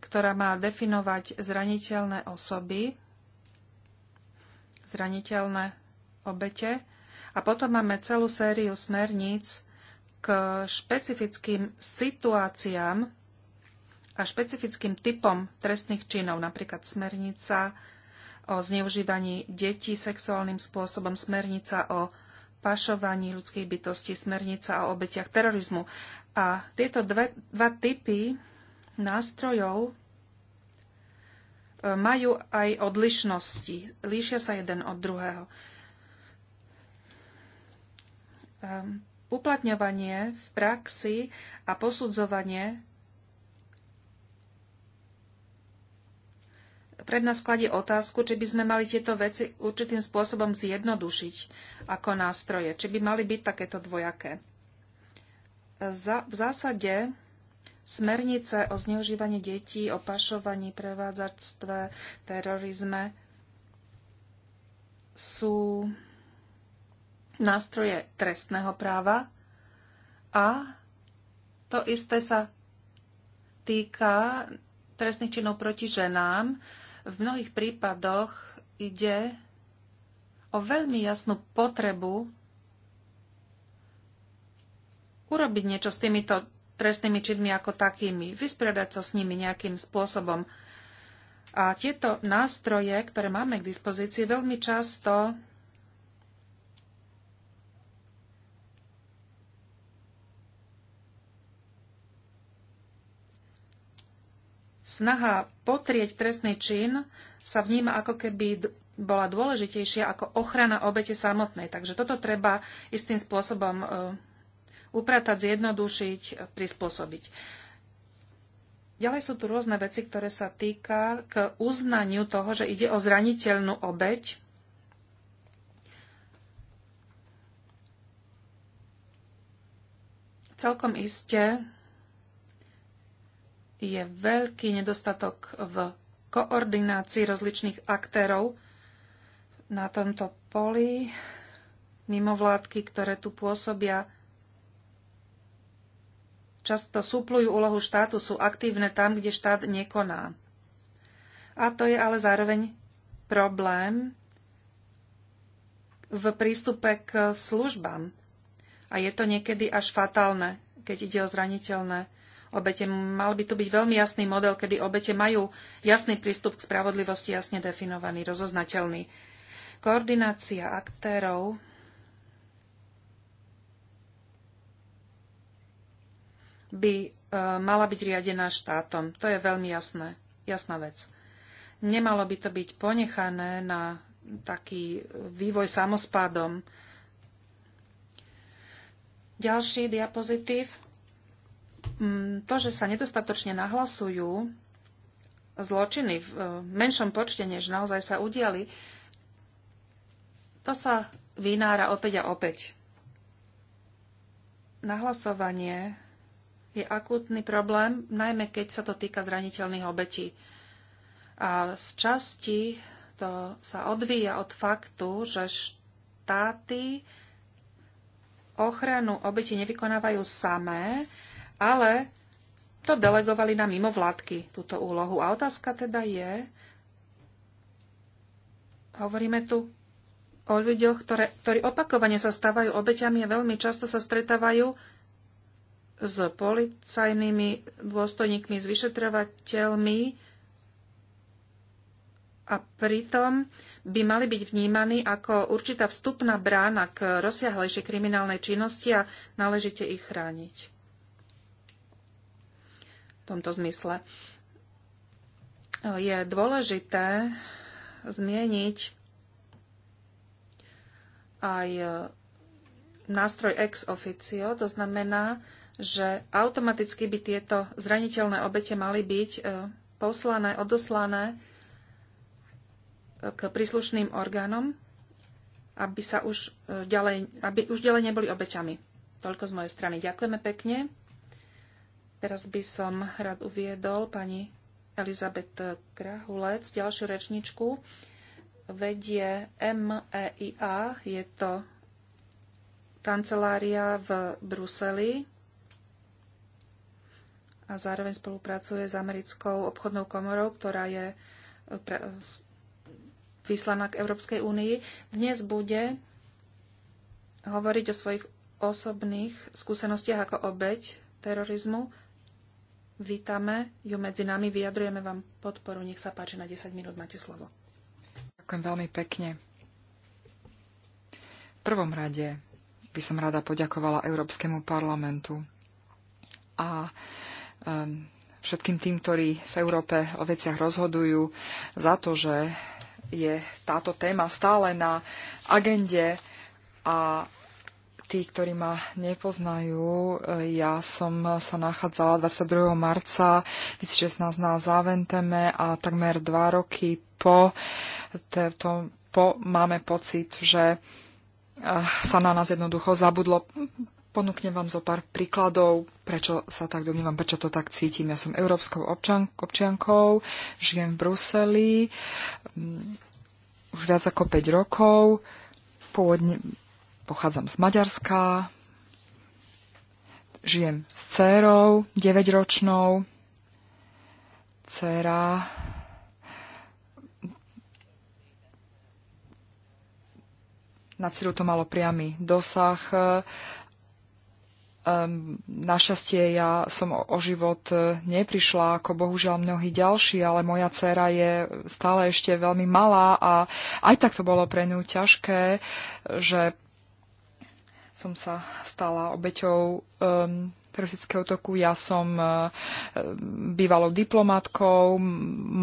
ktorá má definovať zraniteľné osoby, zraniteľné obete. A potom máme celú sériu smerníc k špecifickým situáciám a špecifickým typom trestných činov, napríklad smernica o zneužívaní detí sexuálnym spôsobom, smernica o pašovaní ľudských bytostí, smernica o obetiach terorizmu. A tieto dve, dva typy nástrojov e, majú aj odlišnosti. Líšia sa jeden od druhého. Ehm, uplatňovanie v praxi a posudzovanie pred nás kladie otázku, či by sme mali tieto veci určitým spôsobom zjednodušiť ako nástroje, či by mali byť takéto dvojaké. Za, v zásade smernice o zneužívaní detí, o pašovaní, prevádzačstve, terorizme sú nástroje trestného práva a to isté sa týka trestných činov proti ženám v mnohých prípadoch ide o veľmi jasnú potrebu urobiť niečo s týmito trestnými činmi ako takými, vysporiadať sa s nimi nejakým spôsobom. A tieto nástroje, ktoré máme k dispozícii, veľmi často snaha potrieť trestný čin sa vníma ako keby bola dôležitejšia ako ochrana obete samotnej. Takže toto treba istým spôsobom e, upratať, zjednodušiť, prispôsobiť. Ďalej sú tu rôzne veci, ktoré sa týka k uznaniu toho, že ide o zraniteľnú obeť. Celkom iste je veľký nedostatok v koordinácii rozličných aktérov na tomto poli, mimovládky, ktoré tu pôsobia, často suplujú úlohu štátu, sú aktívne tam, kde štát nekoná. A to je ale zároveň problém v prístupe k službám. A je to niekedy až fatálne, keď ide o zraniteľné obete. Mal by tu byť veľmi jasný model, kedy obete majú jasný prístup k spravodlivosti, jasne definovaný, rozoznateľný. Koordinácia aktérov by e, mala byť riadená štátom. To je veľmi jasné, jasná vec. Nemalo by to byť ponechané na taký vývoj samospádom. Ďalší diapozitív. Mm, to, že sa nedostatočne nahlasujú zločiny v e, menšom počte, než naozaj sa udiali, to sa vynára opäť a opäť. Nahlasovanie je akútny problém, najmä keď sa to týka zraniteľných obetí. A z časti to sa odvíja od faktu, že štáty ochranu obeti nevykonávajú samé ale to delegovali na mimovládky, túto úlohu. A otázka teda je, hovoríme tu o ľuďoch, ktoré, ktorí opakovane sa stávajú obeťami a veľmi často sa stretávajú s policajnými dôstojníkmi, s vyšetrovateľmi a pritom by mali byť vnímaní ako určitá vstupná brána k rozsiahlejšej kriminálnej činnosti a náležite ich chrániť tomto zmysle. Je dôležité zmieniť aj e, nástroj ex officio, to znamená, že automaticky by tieto zraniteľné obete mali byť e, poslané, odoslané e, k príslušným orgánom, aby, sa už ďalej, aby už ďalej neboli obeťami. Toľko z mojej strany. Ďakujeme pekne. Teraz by som rád uviedol pani Elizabet Krahulec, ďalšiu rečničku. Vedie MEIA, je to kancelária v Bruseli a zároveň spolupracuje s americkou obchodnou komorou, ktorá je vyslaná k Európskej únii. Dnes bude hovoriť o svojich osobných skúsenostiach ako obeď terorizmu Vítame ju medzi nami, vyjadrujeme vám podporu. Nech sa páči, na 10 minút máte slovo. Ďakujem veľmi pekne. V prvom rade by som rada poďakovala Európskemu parlamentu a um, všetkým tým, ktorí v Európe o veciach rozhodujú, za to, že je táto téma stále na agende a tí, ktorí ma nepoznajú, ja som sa nachádzala 22. marca 2016 na Záventeme a takmer dva roky po, to, po máme pocit, že eh, sa na nás jednoducho zabudlo. Ponúknem vám zo pár príkladov, prečo sa tak domnívam, prečo to tak cítim. Ja som európskou občan, občiankou, žijem v Bruseli mm, už viac ako 5 rokov. Pôvodne, pochádzam z Maďarska, žijem s dcérou, 9-ročnou. Dcéra na Ciru to malo priamy dosah. našťastie ja som o život e, neprišla, ako bohužiaľ mnohí ďalší, ale moja dcéra je stále ešte veľmi malá a aj tak to bolo pre ňu ťažké, že som sa stala obeťou um, teroristického útoku. Ja som uh, bývalou diplomatkou,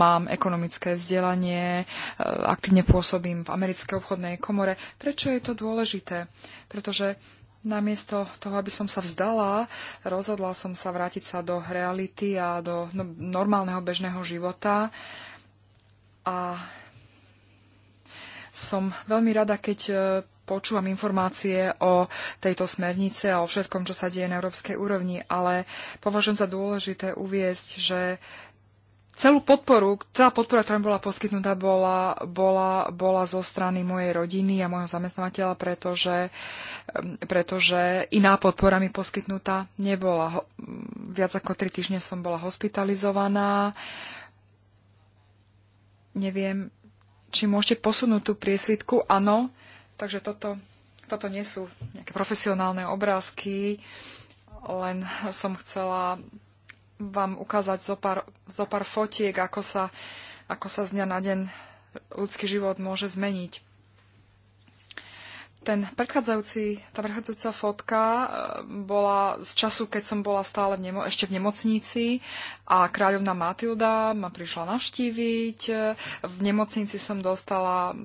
mám ekonomické vzdelanie, uh, aktívne pôsobím v americkej obchodnej komore. Prečo je to dôležité? Pretože namiesto toho, aby som sa vzdala, rozhodla som sa vrátiť sa do reality a do no, normálneho bežného života. A som veľmi rada, keď uh, počúvam informácie o tejto smernice a o všetkom, čo sa deje na európskej úrovni, ale považujem za dôležité uviesť, že celú podporu, tá podpora, ktorá mi bola poskytnutá, bola, bola, bola zo strany mojej rodiny a môjho zamestnávateľa, pretože, mm, pretože iná podpora mi poskytnutá nebola. Mm, viac ako tri týždne som bola hospitalizovaná. Neviem, či môžete posunúť tú priesvitku. Áno, Takže toto, toto nie sú nejaké profesionálne obrázky, len som chcela vám ukázať zo pár, zo pár fotiek, ako sa, ako sa z dňa na deň ľudský život môže zmeniť ten predchádzajúci, tá predchádzajúca fotka e, bola z času, keď som bola stále v nemo, ešte v nemocnici a kráľovná Matilda ma prišla navštíviť. E, v nemocnici som dostala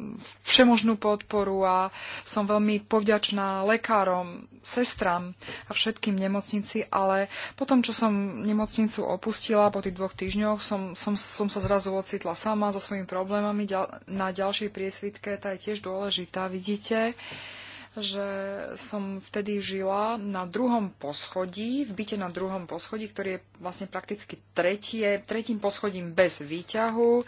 všemožnú podporu a som veľmi povďačná lekárom, sestram a všetkým nemocnici, ale potom, čo som nemocnicu opustila po tých dvoch týždňoch, som, som, som sa zrazu ocitla sama so svojimi problémami. Na ďalšej priesvitke tá je tiež dôležitá, vidíte že som vtedy žila na druhom poschodí, v byte na druhom poschodí, ktorý je vlastne prakticky tretie, tretím poschodím bez výťahu. E,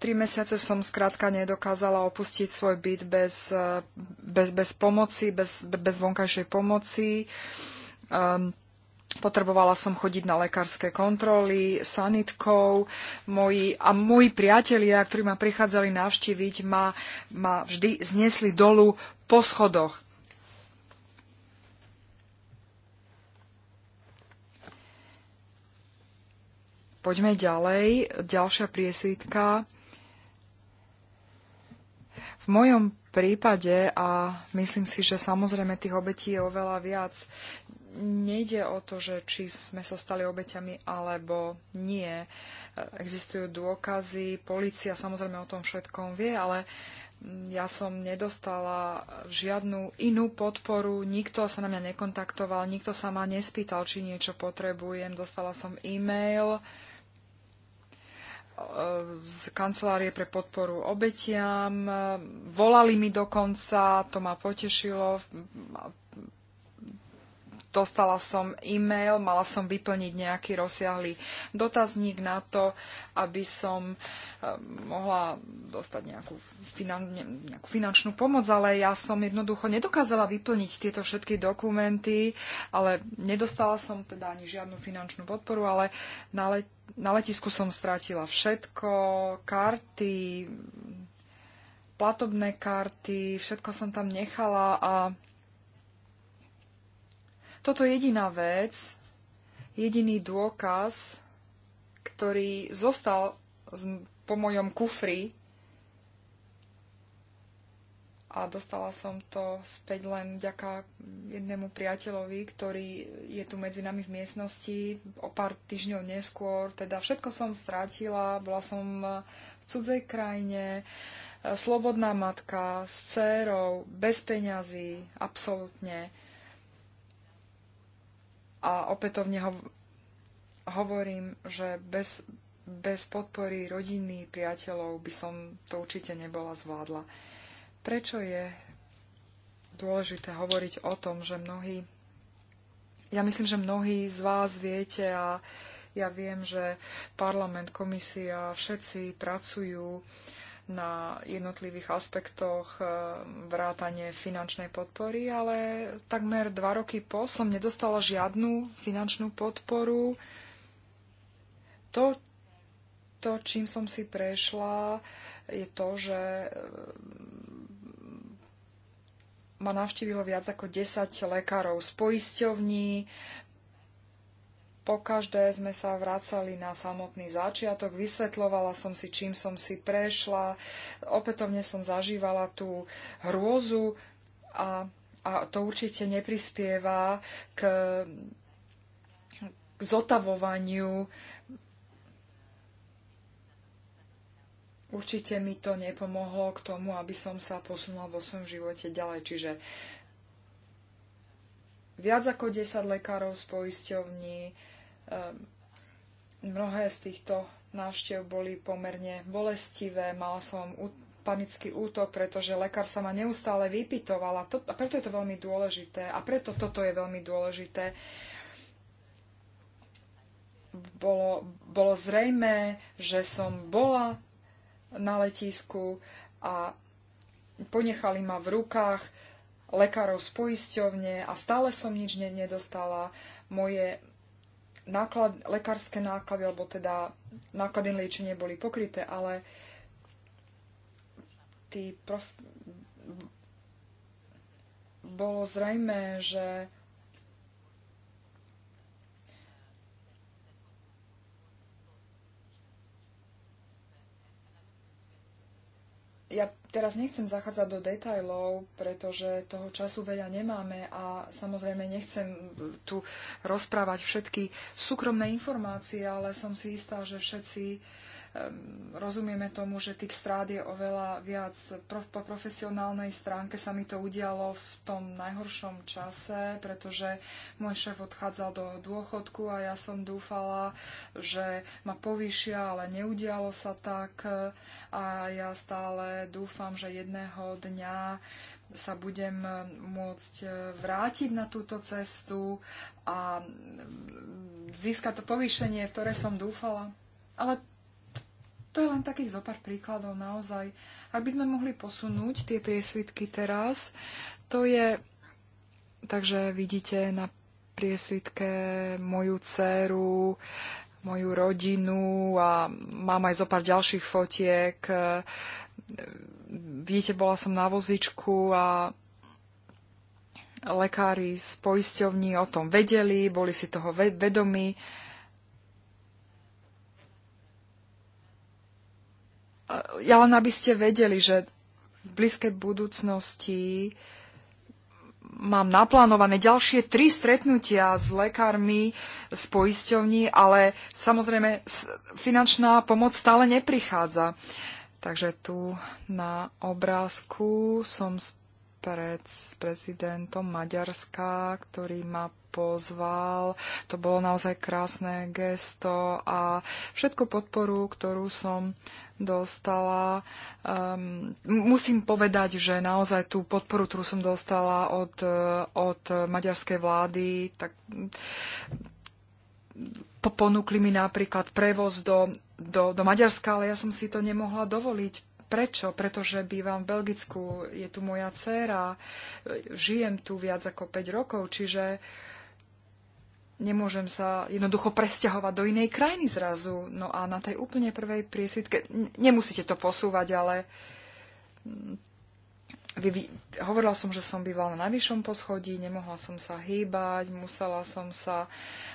tri mesiace som skrátka nedokázala opustiť svoj byt bez, e, bez, bez pomoci, bez, bez vonkajšej pomoci. Um, Potrebovala som chodiť na lekárske kontroly, sanitkou. Moji, a moji priatelia, ktorí ma prichádzali navštíviť, ma, ma vždy zniesli dolu po schodoch. Poďme ďalej. Ďalšia priesvitka. V mojom prípade, a myslím si, že samozrejme tých obetí je oveľa viac, nejde o to, že či sme sa stali obeťami alebo nie. Existujú dôkazy, policia samozrejme o tom všetkom vie, ale ja som nedostala žiadnu inú podporu, nikto sa na mňa nekontaktoval, nikto sa ma nespýtal, či niečo potrebujem. Dostala som e-mail e, z kancelárie pre podporu obetiam. Volali mi dokonca, to ma potešilo dostala som e-mail, mala som vyplniť nejaký rozsiahlý dotazník na to, aby som eh, mohla dostať nejakú, finan, nejakú finančnú pomoc, ale ja som jednoducho nedokázala vyplniť tieto všetky dokumenty, ale nedostala som teda ani žiadnu finančnú podporu, ale na, let, na letisku som strátila všetko, karty, platobné karty, všetko som tam nechala a toto je jediná vec, jediný dôkaz, ktorý zostal po mojom kufri a dostala som to späť len vďaka jednému priateľovi, ktorý je tu medzi nami v miestnosti o pár týždňov neskôr. Teda všetko som strátila, bola som v cudzej krajine, slobodná matka, s dcérou, bez peňazí, absolútne. A opätovne ho, hovorím, že bez, bez podpory rodiny, priateľov by som to určite nebola zvládla. Prečo je dôležité hovoriť o tom, že mnohí, ja myslím, že mnohí z vás viete a ja viem, že parlament, komisia, všetci pracujú na jednotlivých aspektoch e, vrátanie finančnej podpory, ale takmer dva roky po som nedostala žiadnu finančnú podporu. To, to čím som si prešla, je to, že e, ma navštívilo viac ako 10 lekárov z poisťovní, každé sme sa vracali na samotný začiatok, vysvetlovala som si, čím som si prešla, opätovne som zažívala tú hrôzu a, a to určite neprispieva k, k zotavovaniu. Určite mi to nepomohlo k tomu, aby som sa posunula vo svojom živote ďalej. Čiže viac ako 10 lekárov z poisťovní, Ehm, mnohé z týchto návštev boli pomerne bolestivé. Mala som panický útok, pretože lekár sa ma neustále vypytoval a, to, a preto je to veľmi dôležité a preto toto je veľmi dôležité. Bolo, bolo zrejmé, že som bola na letisku a ponechali ma v rukách lekárov z poisťovne a stále som nič nedostala. Moje, náklad, lekárske náklady, alebo teda náklady na liečenie boli pokryté, ale tí prof... bolo zrejme, že ja Teraz nechcem zachádzať do detajlov, pretože toho času veľa nemáme a samozrejme nechcem tu rozprávať všetky súkromné informácie, ale som si istá, že všetci rozumieme tomu, že tých strád je oveľa viac. Po profesionálnej stránke sa mi to udialo v tom najhoršom čase, pretože môj šéf odchádzal do dôchodku a ja som dúfala, že ma povýšia, ale neudialo sa tak a ja stále dúfam, že jedného dňa sa budem môcť e, vrátiť na túto cestu a získať to povýšenie, ktoré som dúfala. Ale to je len takých zo pár príkladov naozaj. Ak by sme mohli posunúť tie priesvitky teraz, to je... Takže vidíte na priesvitke moju dceru, moju rodinu a mám aj zo pár ďalších fotiek. Vidíte, bola som na vozičku a lekári z poisťovní o tom vedeli, boli si toho vedomí Eh, ja len aby ste vedeli, že v blízkej budúcnosti mám naplánované ďalšie tri stretnutia s lekármi, s poisťovní, ale samozrejme finančná pomoc stále neprichádza. Takže tu na obrázku som pred s prezidentom Maďarska, ktorý ma pozval. To bolo naozaj krásne gesto a všetku podporu, ktorú som dostala. Um, musím povedať, že naozaj tú podporu, ktorú som dostala od, eh, od maďarskej vlády, tak mm, ponúkli mi napríklad prevoz do, do, do Maďarska, ale ja som si to nemohla dovoliť. Prečo? Pretože bývam v Belgicku, je tu moja dcéra, eh, žijem tu viac ako 5 rokov, čiže uh, nemôžem sa jednoducho presťahovať do inej krajiny zrazu. No a na tej úplne prvej priesvitke, nemusíte to posúvať, ale mm, vy, vy, hovorila som, že som bývala na najvyššom poschodí, nemohla som sa hýbať, musela som sa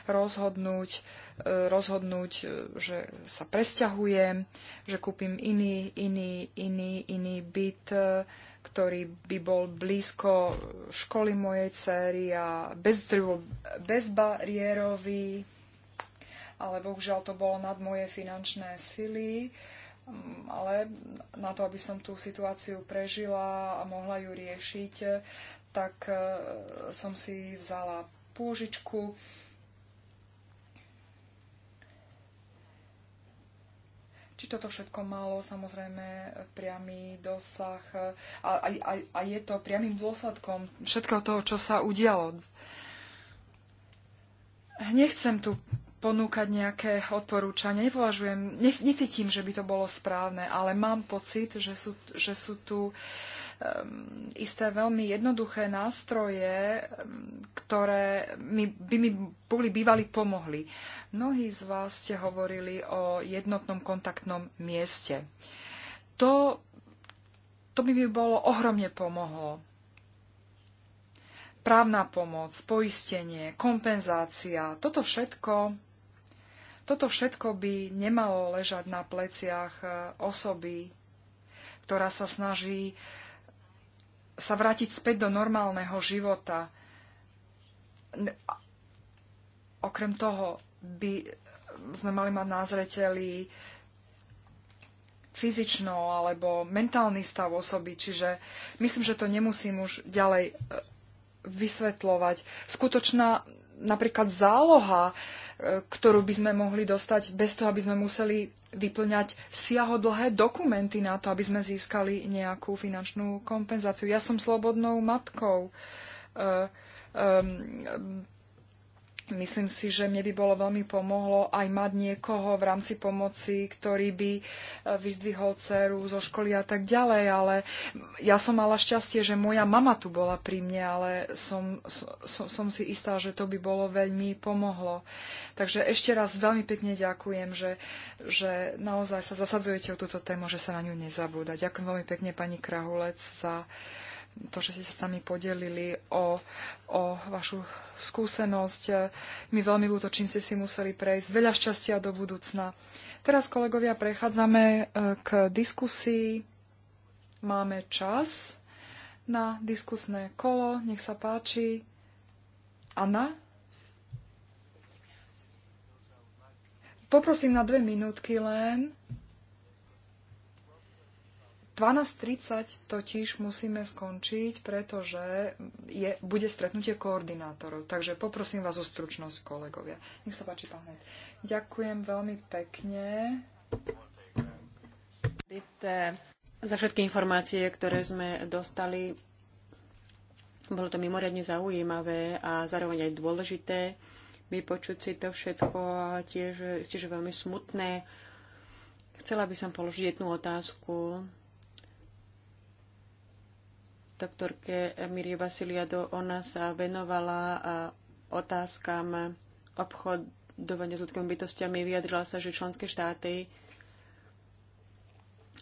rozhodnúť, e, rozhodnúť, e, že sa presťahujem, že kúpim iný, iný, iný, iný byt e, ktorý by bol blízko školy mojej céry a bez, bezbariérový, ale bohužiaľ to bolo nad moje finančné sily. Mm, ale na to, aby som tú situáciu prežila a mohla ju riešiť, tak e, som si vzala pôžičku či toto všetko malo samozrejme priamy dosah a, a, a, a je to priamým dôsledkom všetkého toho, čo sa udialo. Nechcem tu ponúkať nejaké odporúčania. Nepovažujem, ne, necítim, že by to bolo správne, ale mám pocit, že sú, že sú tu uh, Ehm, isté veľmi jednoduché nástroje, ehm, ktoré mi, by mi boli bývali pomohli. Mnohí z vás ste hovorili o jednotnom kontaktnom mieste. To, to by mi bolo ohromne pomohlo. Právna pomoc, poistenie, kompenzácia, toto všetko toto všetko by nemalo ležať na pleciach eh, osoby, ktorá sa snaží sa vrátiť späť do normálneho života. Okrem toho by sme mali mať názreteli fyzično alebo mentálny stav osoby, čiže myslím, že to nemusím už ďalej e, vysvetľovať. Skutočná napríklad záloha ktorú by sme mohli dostať bez toho, aby sme museli vyplňať siahodlhé dokumenty na to, aby sme získali nejakú finančnú kompenzáciu. Ja som slobodnou matkou. um, Myslím si, že mne by bolo veľmi pomohlo aj mať niekoho v rámci pomoci, ktorý by e, vyzdvihol dceru zo školy a tak ďalej, ale ja som mala šťastie, že moja mama tu bola pri mne, ale som, som, som si istá, že to by bolo veľmi pomohlo. Takže ešte raz veľmi pekne ďakujem, že, že naozaj sa zasadzujete o túto tému, že sa na ňu nezabúda. Ďakujem veľmi pekne pani Krahulec za to, že ste sa sami podelili o, o vašu skúsenosť. My veľmi ľúto, čím ste si museli prejsť. Veľa šťastia do budúcna. Teraz, kolegovia, prechádzame e, k diskusii. Máme čas na diskusné kolo. Nech sa páči. Anna? Poprosím na dve minútky len. 12.30 totiž musíme skončiť, pretože je, bude stretnutie koordinátorov. Takže poprosím vás o stručnosť, kolegovia. Nech sa páči, pán Hed. Ďakujem veľmi pekne. Za všetky informácie, ktoré sme dostali, bolo to mimoriadne zaujímavé a zároveň aj dôležité vypočuť si to všetko a tiež, tiež veľmi smutné. Chcela by som položiť jednu otázku doktorke Mirie Vasiliado. Ona sa venovala otázkam obchodovania s ľudskými bytostiami. Vyjadrila sa, že členské štáty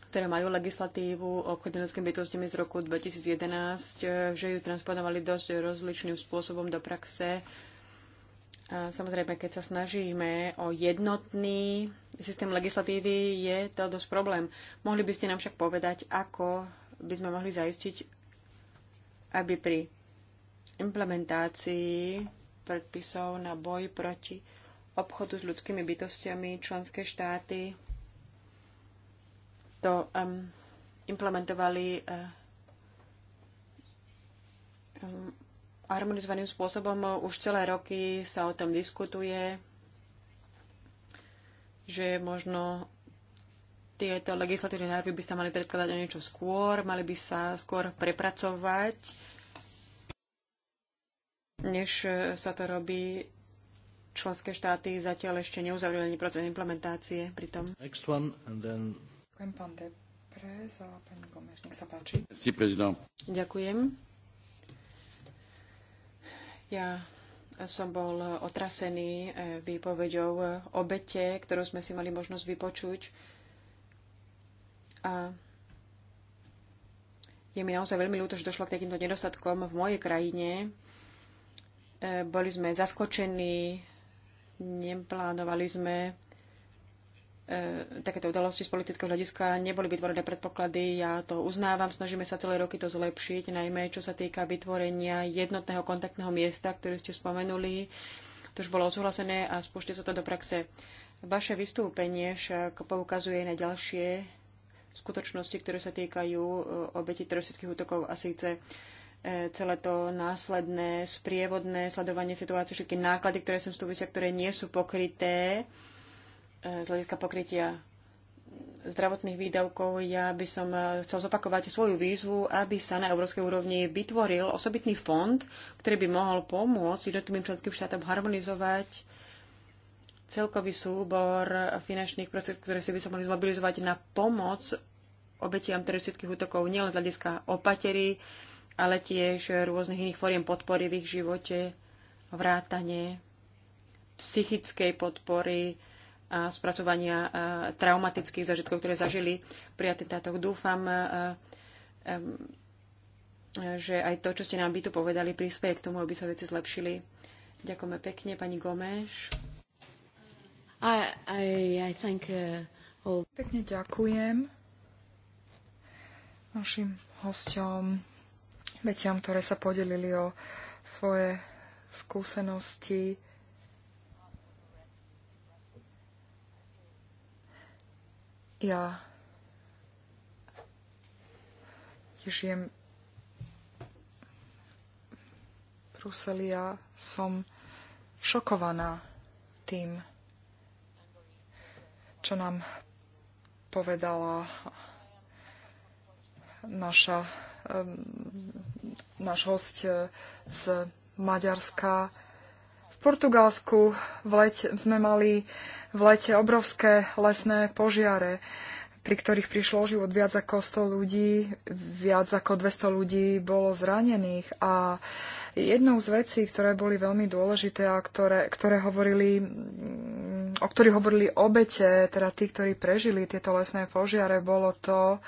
ktoré majú legislatívu o s ľudskými bytostiami z roku 2011, e, že ju transponovali dosť rozličným spôsobom do praxe. A samozrejme, keď sa snažíme o jednotný systém legislatívy, je to dosť problém. Mohli by ste nám však povedať, ako by sme mohli zaistiť, aby pri implementácii predpisov na boj proti obchodu s ľudskými bytostiami členské štáty to um, implementovali um, harmonizovaným spôsobom. Už celé roky sa o tom diskutuje, že je možno tieto legislatívne návrhy by sa mali predkladať o niečo skôr, mali by sa skôr prepracovať, než sa to robí. Členské štáty zatiaľ ešte neuzavreli ani proces implementácie pritom. Next one and then... Ďakujem, pán pani Gomeš. Nech sa páči. Ďakujem. Ja som bol otrasený eh, výpovedou obete, ktorú sme si mali možnosť vypočuť. A je mi naozaj veľmi ľúto, že došlo k takýmto nedostatkom v mojej krajine. E, boli sme zaskočení, neplánovali sme e, takéto udalosti z politického hľadiska, neboli vytvorené predpoklady, ja to uznávam, snažíme sa celé roky to zlepšiť, najmä čo sa týka vytvorenia jednotného kontaktného miesta, ktoré ste spomenuli. To už bolo odsúhlasené a spúšte sa to do praxe. Vaše vystúpenie však poukazuje na ďalšie skutočnosti, ktoré sa týkajú e, obeti teroristických útokov a síce e, celé to následné, sprievodné sledovanie situácie, všetky náklady, ktoré sem súvisia, ktoré nie sú pokryté e, z hľadiska pokrytia zdravotných výdavkov, ja by som chcel zopakovať svoju výzvu, aby sa na európskej úrovni vytvoril osobitný fond, ktorý by mohol pomôcť jednotlivým členským štátom harmonizovať celkový súbor finančných prostriedkov, ktoré si by sa mohli zmobilizovať na pomoc obetiam teroristických útokov nielen z hľadiska opatery, ale tiež rôznych iných fóriem podpory v ich živote, vrátanie psychickej podpory a spracovania e, traumatických zažitkov, ktoré zažili pri atentátoch. Dúfam, e, e, že aj to, čo ste nám by tu povedali, prispieje k tomu, aby sa veci zlepšili. Ďakujeme pekne, pani Gomeš. I, I, I thank, uh, all... Pekne ďakujem našim hostom, Betiam, ktoré sa podelili o svoje skúsenosti. Ja tiež žijem Bruseli a som šokovaná tým, čo nám povedala naša, náš host eh, z Maďarska. V Portugalsku v lete, sme mali v lete obrovské lesné požiare, pri ktorých prišlo život viac ako 100 ľudí, viac ako 200 ľudí bolo zranených a jednou z vecí, ktoré boli veľmi dôležité a ktoré, ktoré hovorili mm, o ktorých hovorili obete, teda tí, ktorí prežili tieto lesné požiare, bolo to,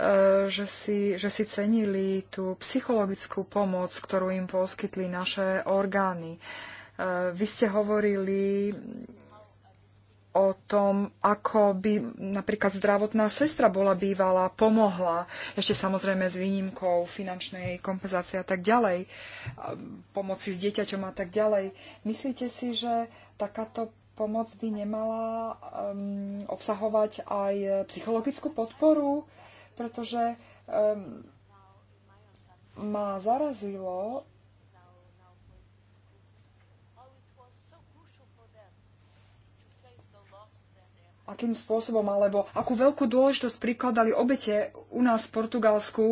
Eh, že si, že si cenili tú psychologickú pomoc, ktorú im poskytli naše orgány. Eh, vy ste hovorili o tom, ako by napríklad zdravotná sestra bola bývala, pomohla, ešte samozrejme s výnimkou finančnej kompenzácie a tak ďalej, eh, pomoci s dieťaťom a tak ďalej. Myslíte si, že takáto pomoc by nemala um, obsahovať aj psychologickú podporu? pretože um, ma zarazilo, akým spôsobom alebo akú veľkú dôležitosť prikladali obete u nás v Portugalsku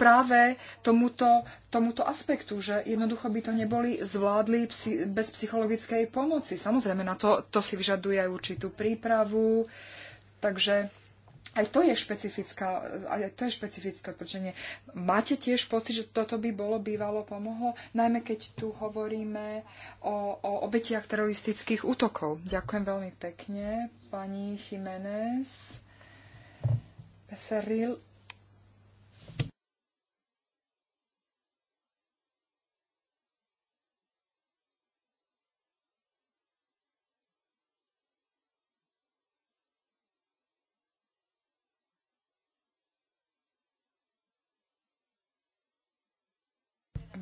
práve tomuto, tomuto aspektu, že jednoducho by to neboli zvládli psi, bez psychologickej pomoci. Samozrejme, na to, to si vyžaduje aj určitú prípravu, takže aj to je špecifická, aj to je špecifické odporúčanie. Máte tiež pocit, že toto by bolo bývalo pomohlo, najmä keď tu hovoríme o, o obetiach teroristických útokov. Ďakujem veľmi pekne, pani Jiménez. Ferril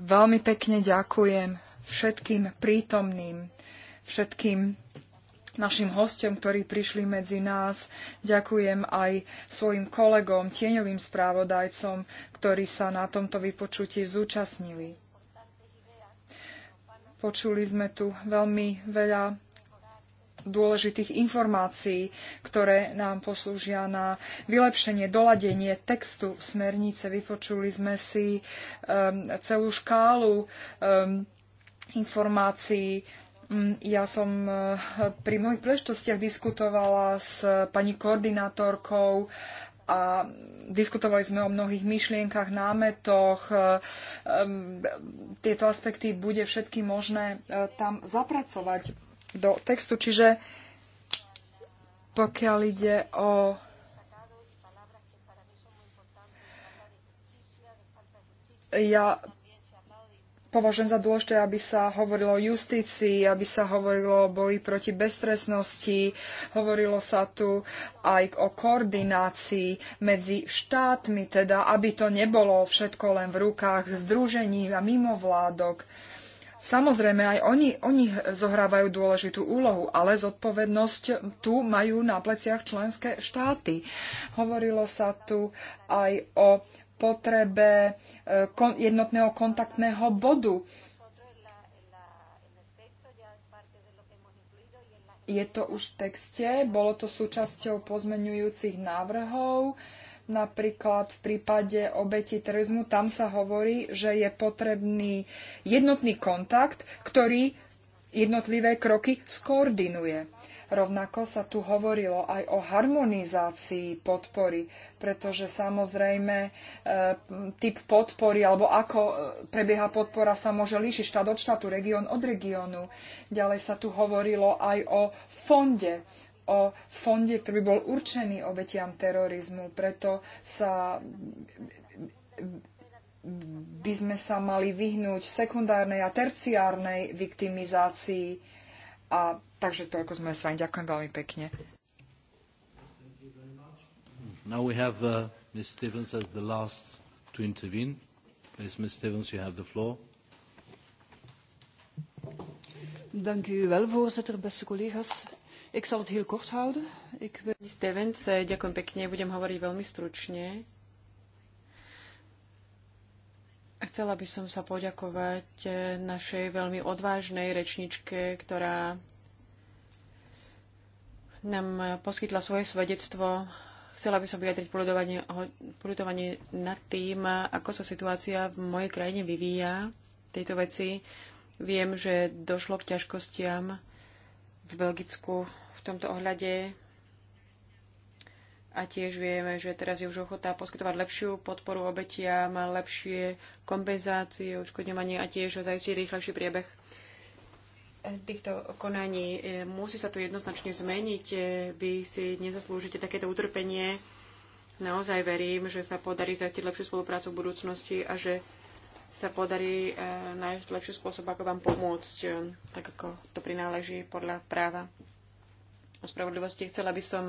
Veľmi pekne ďakujem všetkým prítomným, všetkým našim hostom, ktorí prišli medzi nás. Ďakujem aj svojim kolegom, tieňovým správodajcom, ktorí sa na tomto vypočutí zúčastnili. Počuli sme tu veľmi veľa dôležitých informácií, ktoré nám poslúžia na vylepšenie, doladenie textu smernice. Vypočuli sme si um, celú škálu um, informácií. Mm, ja som uh, pri mnohých príležitostiach diskutovala s pani koordinátorkou a diskutovali sme o mnohých myšlienkach, námetoch. Uh, um, tieto aspekty bude všetky možné uh, tam zapracovať do textu. Čiže pokiaľ ide o ja považujem za dôležité, aby sa hovorilo o justícii, aby sa hovorilo o boji proti beztrestnosti, hovorilo sa tu aj o koordinácii medzi štátmi, teda aby to nebolo všetko len v rukách združení a mimovládok. vládok Samozrejme, aj oni, oni zohrávajú dôležitú úlohu, ale zodpovednosť tu majú na pleciach členské štáty. Hovorilo sa tu aj o potrebe e, jednotného kontaktného bodu. Je to už v texte, bolo to súčasťou pozmenujúcich návrhov. Napríklad v prípade obeti terorizmu tam sa hovorí, že je potrebný jednotný kontakt, ktorý jednotlivé kroky skoordinuje. Rovnako sa tu hovorilo aj o harmonizácii podpory, pretože samozrejme e, typ podpory alebo ako e, prebieha podpora sa môže líšiť štát od štátu, región od regiónu. Ďalej sa tu hovorilo aj o fonde o fonde, ktorý by bol určený obetiam terorizmu. Preto sa by sme sa mali vyhnúť sekundárnej a terciárnej viktimizácii. A takže toľko z mojej strany. Ďakujem veľmi pekne. Now we have uh, Ms. Stevens as the last to intervene. Please, Ms. Stevens, you have the floor. Dank u wel, voorzitter, beste collega's. Ik zal het heel kort houden. Ik wil... Stevens, ďakujem pekne, budem hovoriť veľmi stručne. Chcela by som sa poďakovať eh, našej veľmi odvážnej rečničke, ktorá nám poskytla svoje svedectvo. Chcela by som vyjadriť poľudovanie, nad tým, ako sa situácia v mojej krajine vyvíja tejto veci. Viem, že došlo k ťažkostiam v Belgicku v tomto ohľade a tiež vieme, že teraz je už ochota poskytovať lepšiu podporu obetiam, lepšie kompenzácie, odškodňovanie a tiež zajistiť rýchlejší priebeh týchto konaní. E, musí sa to jednoznačne zmeniť. E, vy si nezaslúžite takéto utrpenie. Naozaj verím, že sa podarí zajistiť lepšiu spoluprácu v budúcnosti a že sa podarí e, nájsť lepší spôsob, ako vám pomôcť, e, tak ako to prináleží podľa práva o spravodlivosti. Chcela by som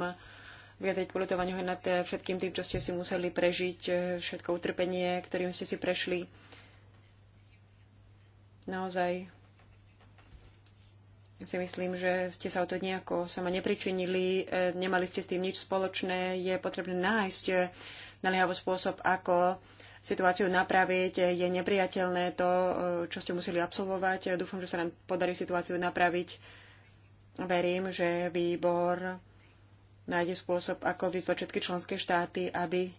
vyjadriť politovaniu nad všetkým tým, čo ste si museli prežiť, e, všetko utrpenie, ktorým ste si prešli. Naozaj si myslím, že ste sa o to nejako sama nepričinili, nemali ste s tým nič spoločné, je potrebné nájsť naliehavý spôsob, ako situáciu napraviť. Je nepriateľné to, e, čo ste museli absolvovať. Dúfam, že sa nám podarí situáciu napraviť. Verím, že výbor nájde spôsob, ako vyzvať všetky členské štáty, aby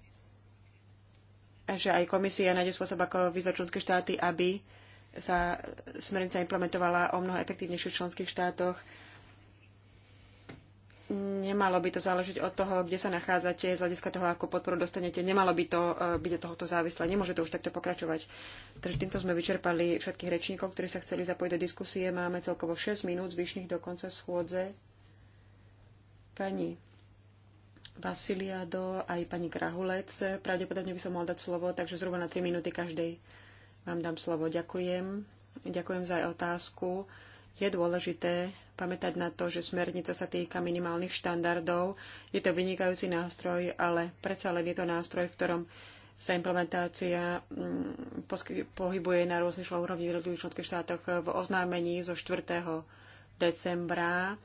že aj komisia nájde spôsob, ako vyzvať členské štáty, aby sa smernica implementovala o mnoho efektívnejších členských štátoch. Nemalo by to záležiť od toho, kde sa nachádzate, z hľadiska toho, ako podporu dostanete. Nemalo by to e, byť od tohoto závislé. Nemôže to už takto pokračovať. Takže týmto sme vyčerpali všetkých rečníkov, ktorí sa chceli zapojiť do diskusie. Máme celkovo 6 minút zvyšných do konca schôdze. Pani Vasiliado aj pani Krahulec. Pravdepodobne by som mal dať slovo, takže zhruba na 3 minúty každej vám dám slovo. Ďakujem. Ďakujem za aj otázku. Je dôležité pamätať na to, že smernica sa týka minimálnych štandardov. Je to vynikajúci nástroj, ale predsa len je to nástroj, v ktorom sa implementácia mm, pohybuje na rôznych úrovni v jednotlivých členských štátoch. V oznámení zo 4. decembra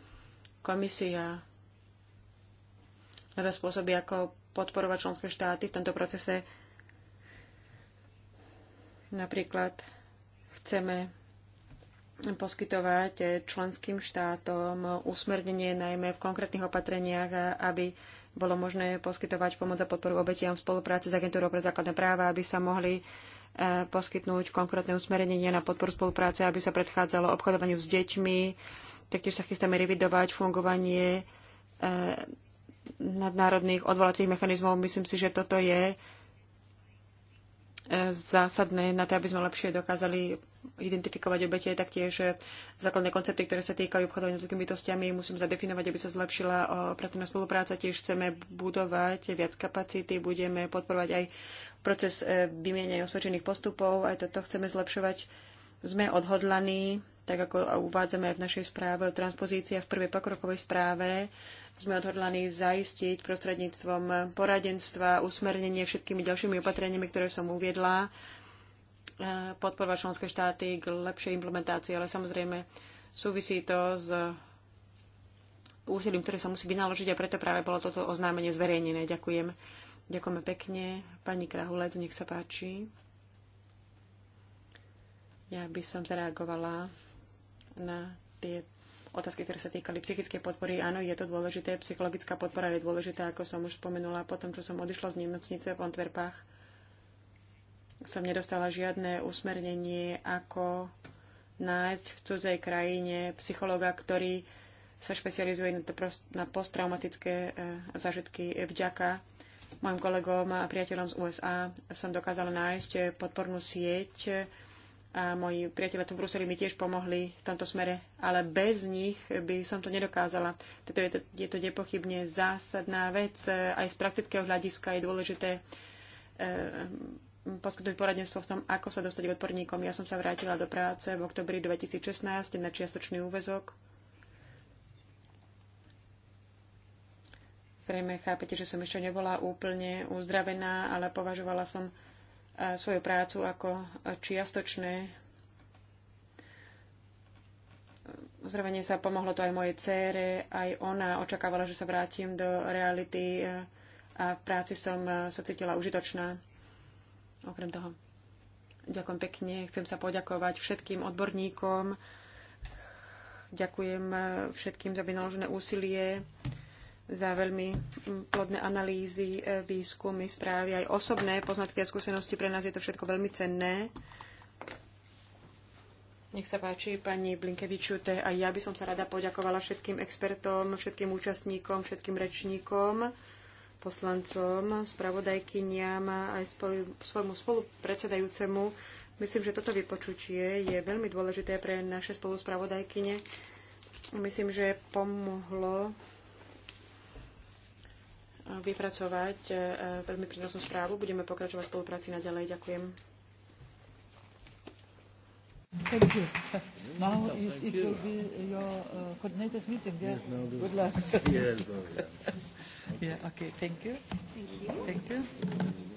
komisia hľada spôsoby, ako podporovať členské štáty v tomto procese. Napríklad chceme poskytovať členským štátom usmernenie najmä v konkrétnych opatreniach, aby bolo možné poskytovať pomoc a podporu obetiam v spolupráci s Agentúrou pre základné práva, aby sa mohli e, poskytnúť konkrétne usmerenia na podporu spolupráce, aby sa predchádzalo obchodovaniu s deťmi. Taktiež sa chystáme revidovať fungovanie e, nadnárodných odvolacích mechanizmov. Myslím si, že toto je e, zásadné na to, aby sme lepšie dokázali identifikovať obete, taktiež eh, základné koncepty, ktoré sa týkajú obchodovania s ľudskými bytostiami, musíme zadefinovať, aby sa zlepšila eh, pracovná spolupráca. Tiež chceme budovať viac kapacity, budeme podporovať aj proces eh, vymienia osvedčených postupov, aj toto chceme zlepšovať. Sme odhodlaní, tak ako uvádzame aj v našej správe o transpozícii a v prvej pokrokovej správe, sme odhodlaní zaistiť prostredníctvom poradenstva, usmernenie všetkými ďalšími opatreniami, ktoré som uviedla, Eh, podporovať členské štáty k lepšej implementácii, ale samozrejme súvisí to s úsilím, ktoré sa musí vynaložiť a preto práve bolo toto oznámenie zverejnené. Ďakujem. Ďakujeme pekne. Pani Krahulec, nech sa páči. Ja by som zareagovala na tie otázky, ktoré sa týkali psychickej podpory. Áno, je to dôležité. Psychologická podpora je dôležitá, ako som už spomenula, potom, čo som odišla z nemocnice v Antwerpách som nedostala žiadne usmernenie, ako nájsť v cudzej krajine psychologa, ktorý sa špecializuje na posttraumatické eh, zážitky vďaka mojim kolegom a priateľom z USA som dokázala nájsť podpornú sieť a moji priateľe tu v Bruseli mi tiež pomohli v tomto smere, ale bez nich by som to nedokázala. Toto je, to, je to nepochybne zásadná vec. Aj z praktického hľadiska je dôležité eh, poskytnúť poradenstvo v tom, ako sa dostať k odporníkom. Ja som sa vrátila do práce v oktobri 2016 na čiastočný úvezok. Zrejme chápete, že som ešte nebola úplne uzdravená, ale považovala som e, svoju prácu ako čiastočné. Uzdravenie sa pomohlo to aj mojej cére, aj ona očakávala, že sa vrátim do reality e, a v práci som e, sa cítila užitočná Okrem toho, ďakujem pekne, chcem sa poďakovať všetkým odborníkom, ďakujem všetkým za vynaložené úsilie, za veľmi plodné analýzy, e, výskumy, správy, aj osobné poznatky a skúsenosti. Pre nás je to všetko veľmi cenné. Nech sa páči, pani Blinkevičute, aj ja by som sa rada poďakovala všetkým expertom, všetkým účastníkom, všetkým rečníkom poslancom, spravodajkyniam a aj svojmu spolupredsedajúcemu. Myslím, že toto vypočutie je veľmi dôležité pre naše spoluspravodajkyne. Myslím, že pomohlo eh, vypracovať eh, eh, veľmi prínosnú správu. Budeme pokračovať v spolupráci naďalej. Ďakujem. Thank you. Now it, it will be your uh, coordinators meeting. Yeah? Yes, no, Good luck. Yes, no, yeah. Yeah, okay, thank you. Thank you. Thank you.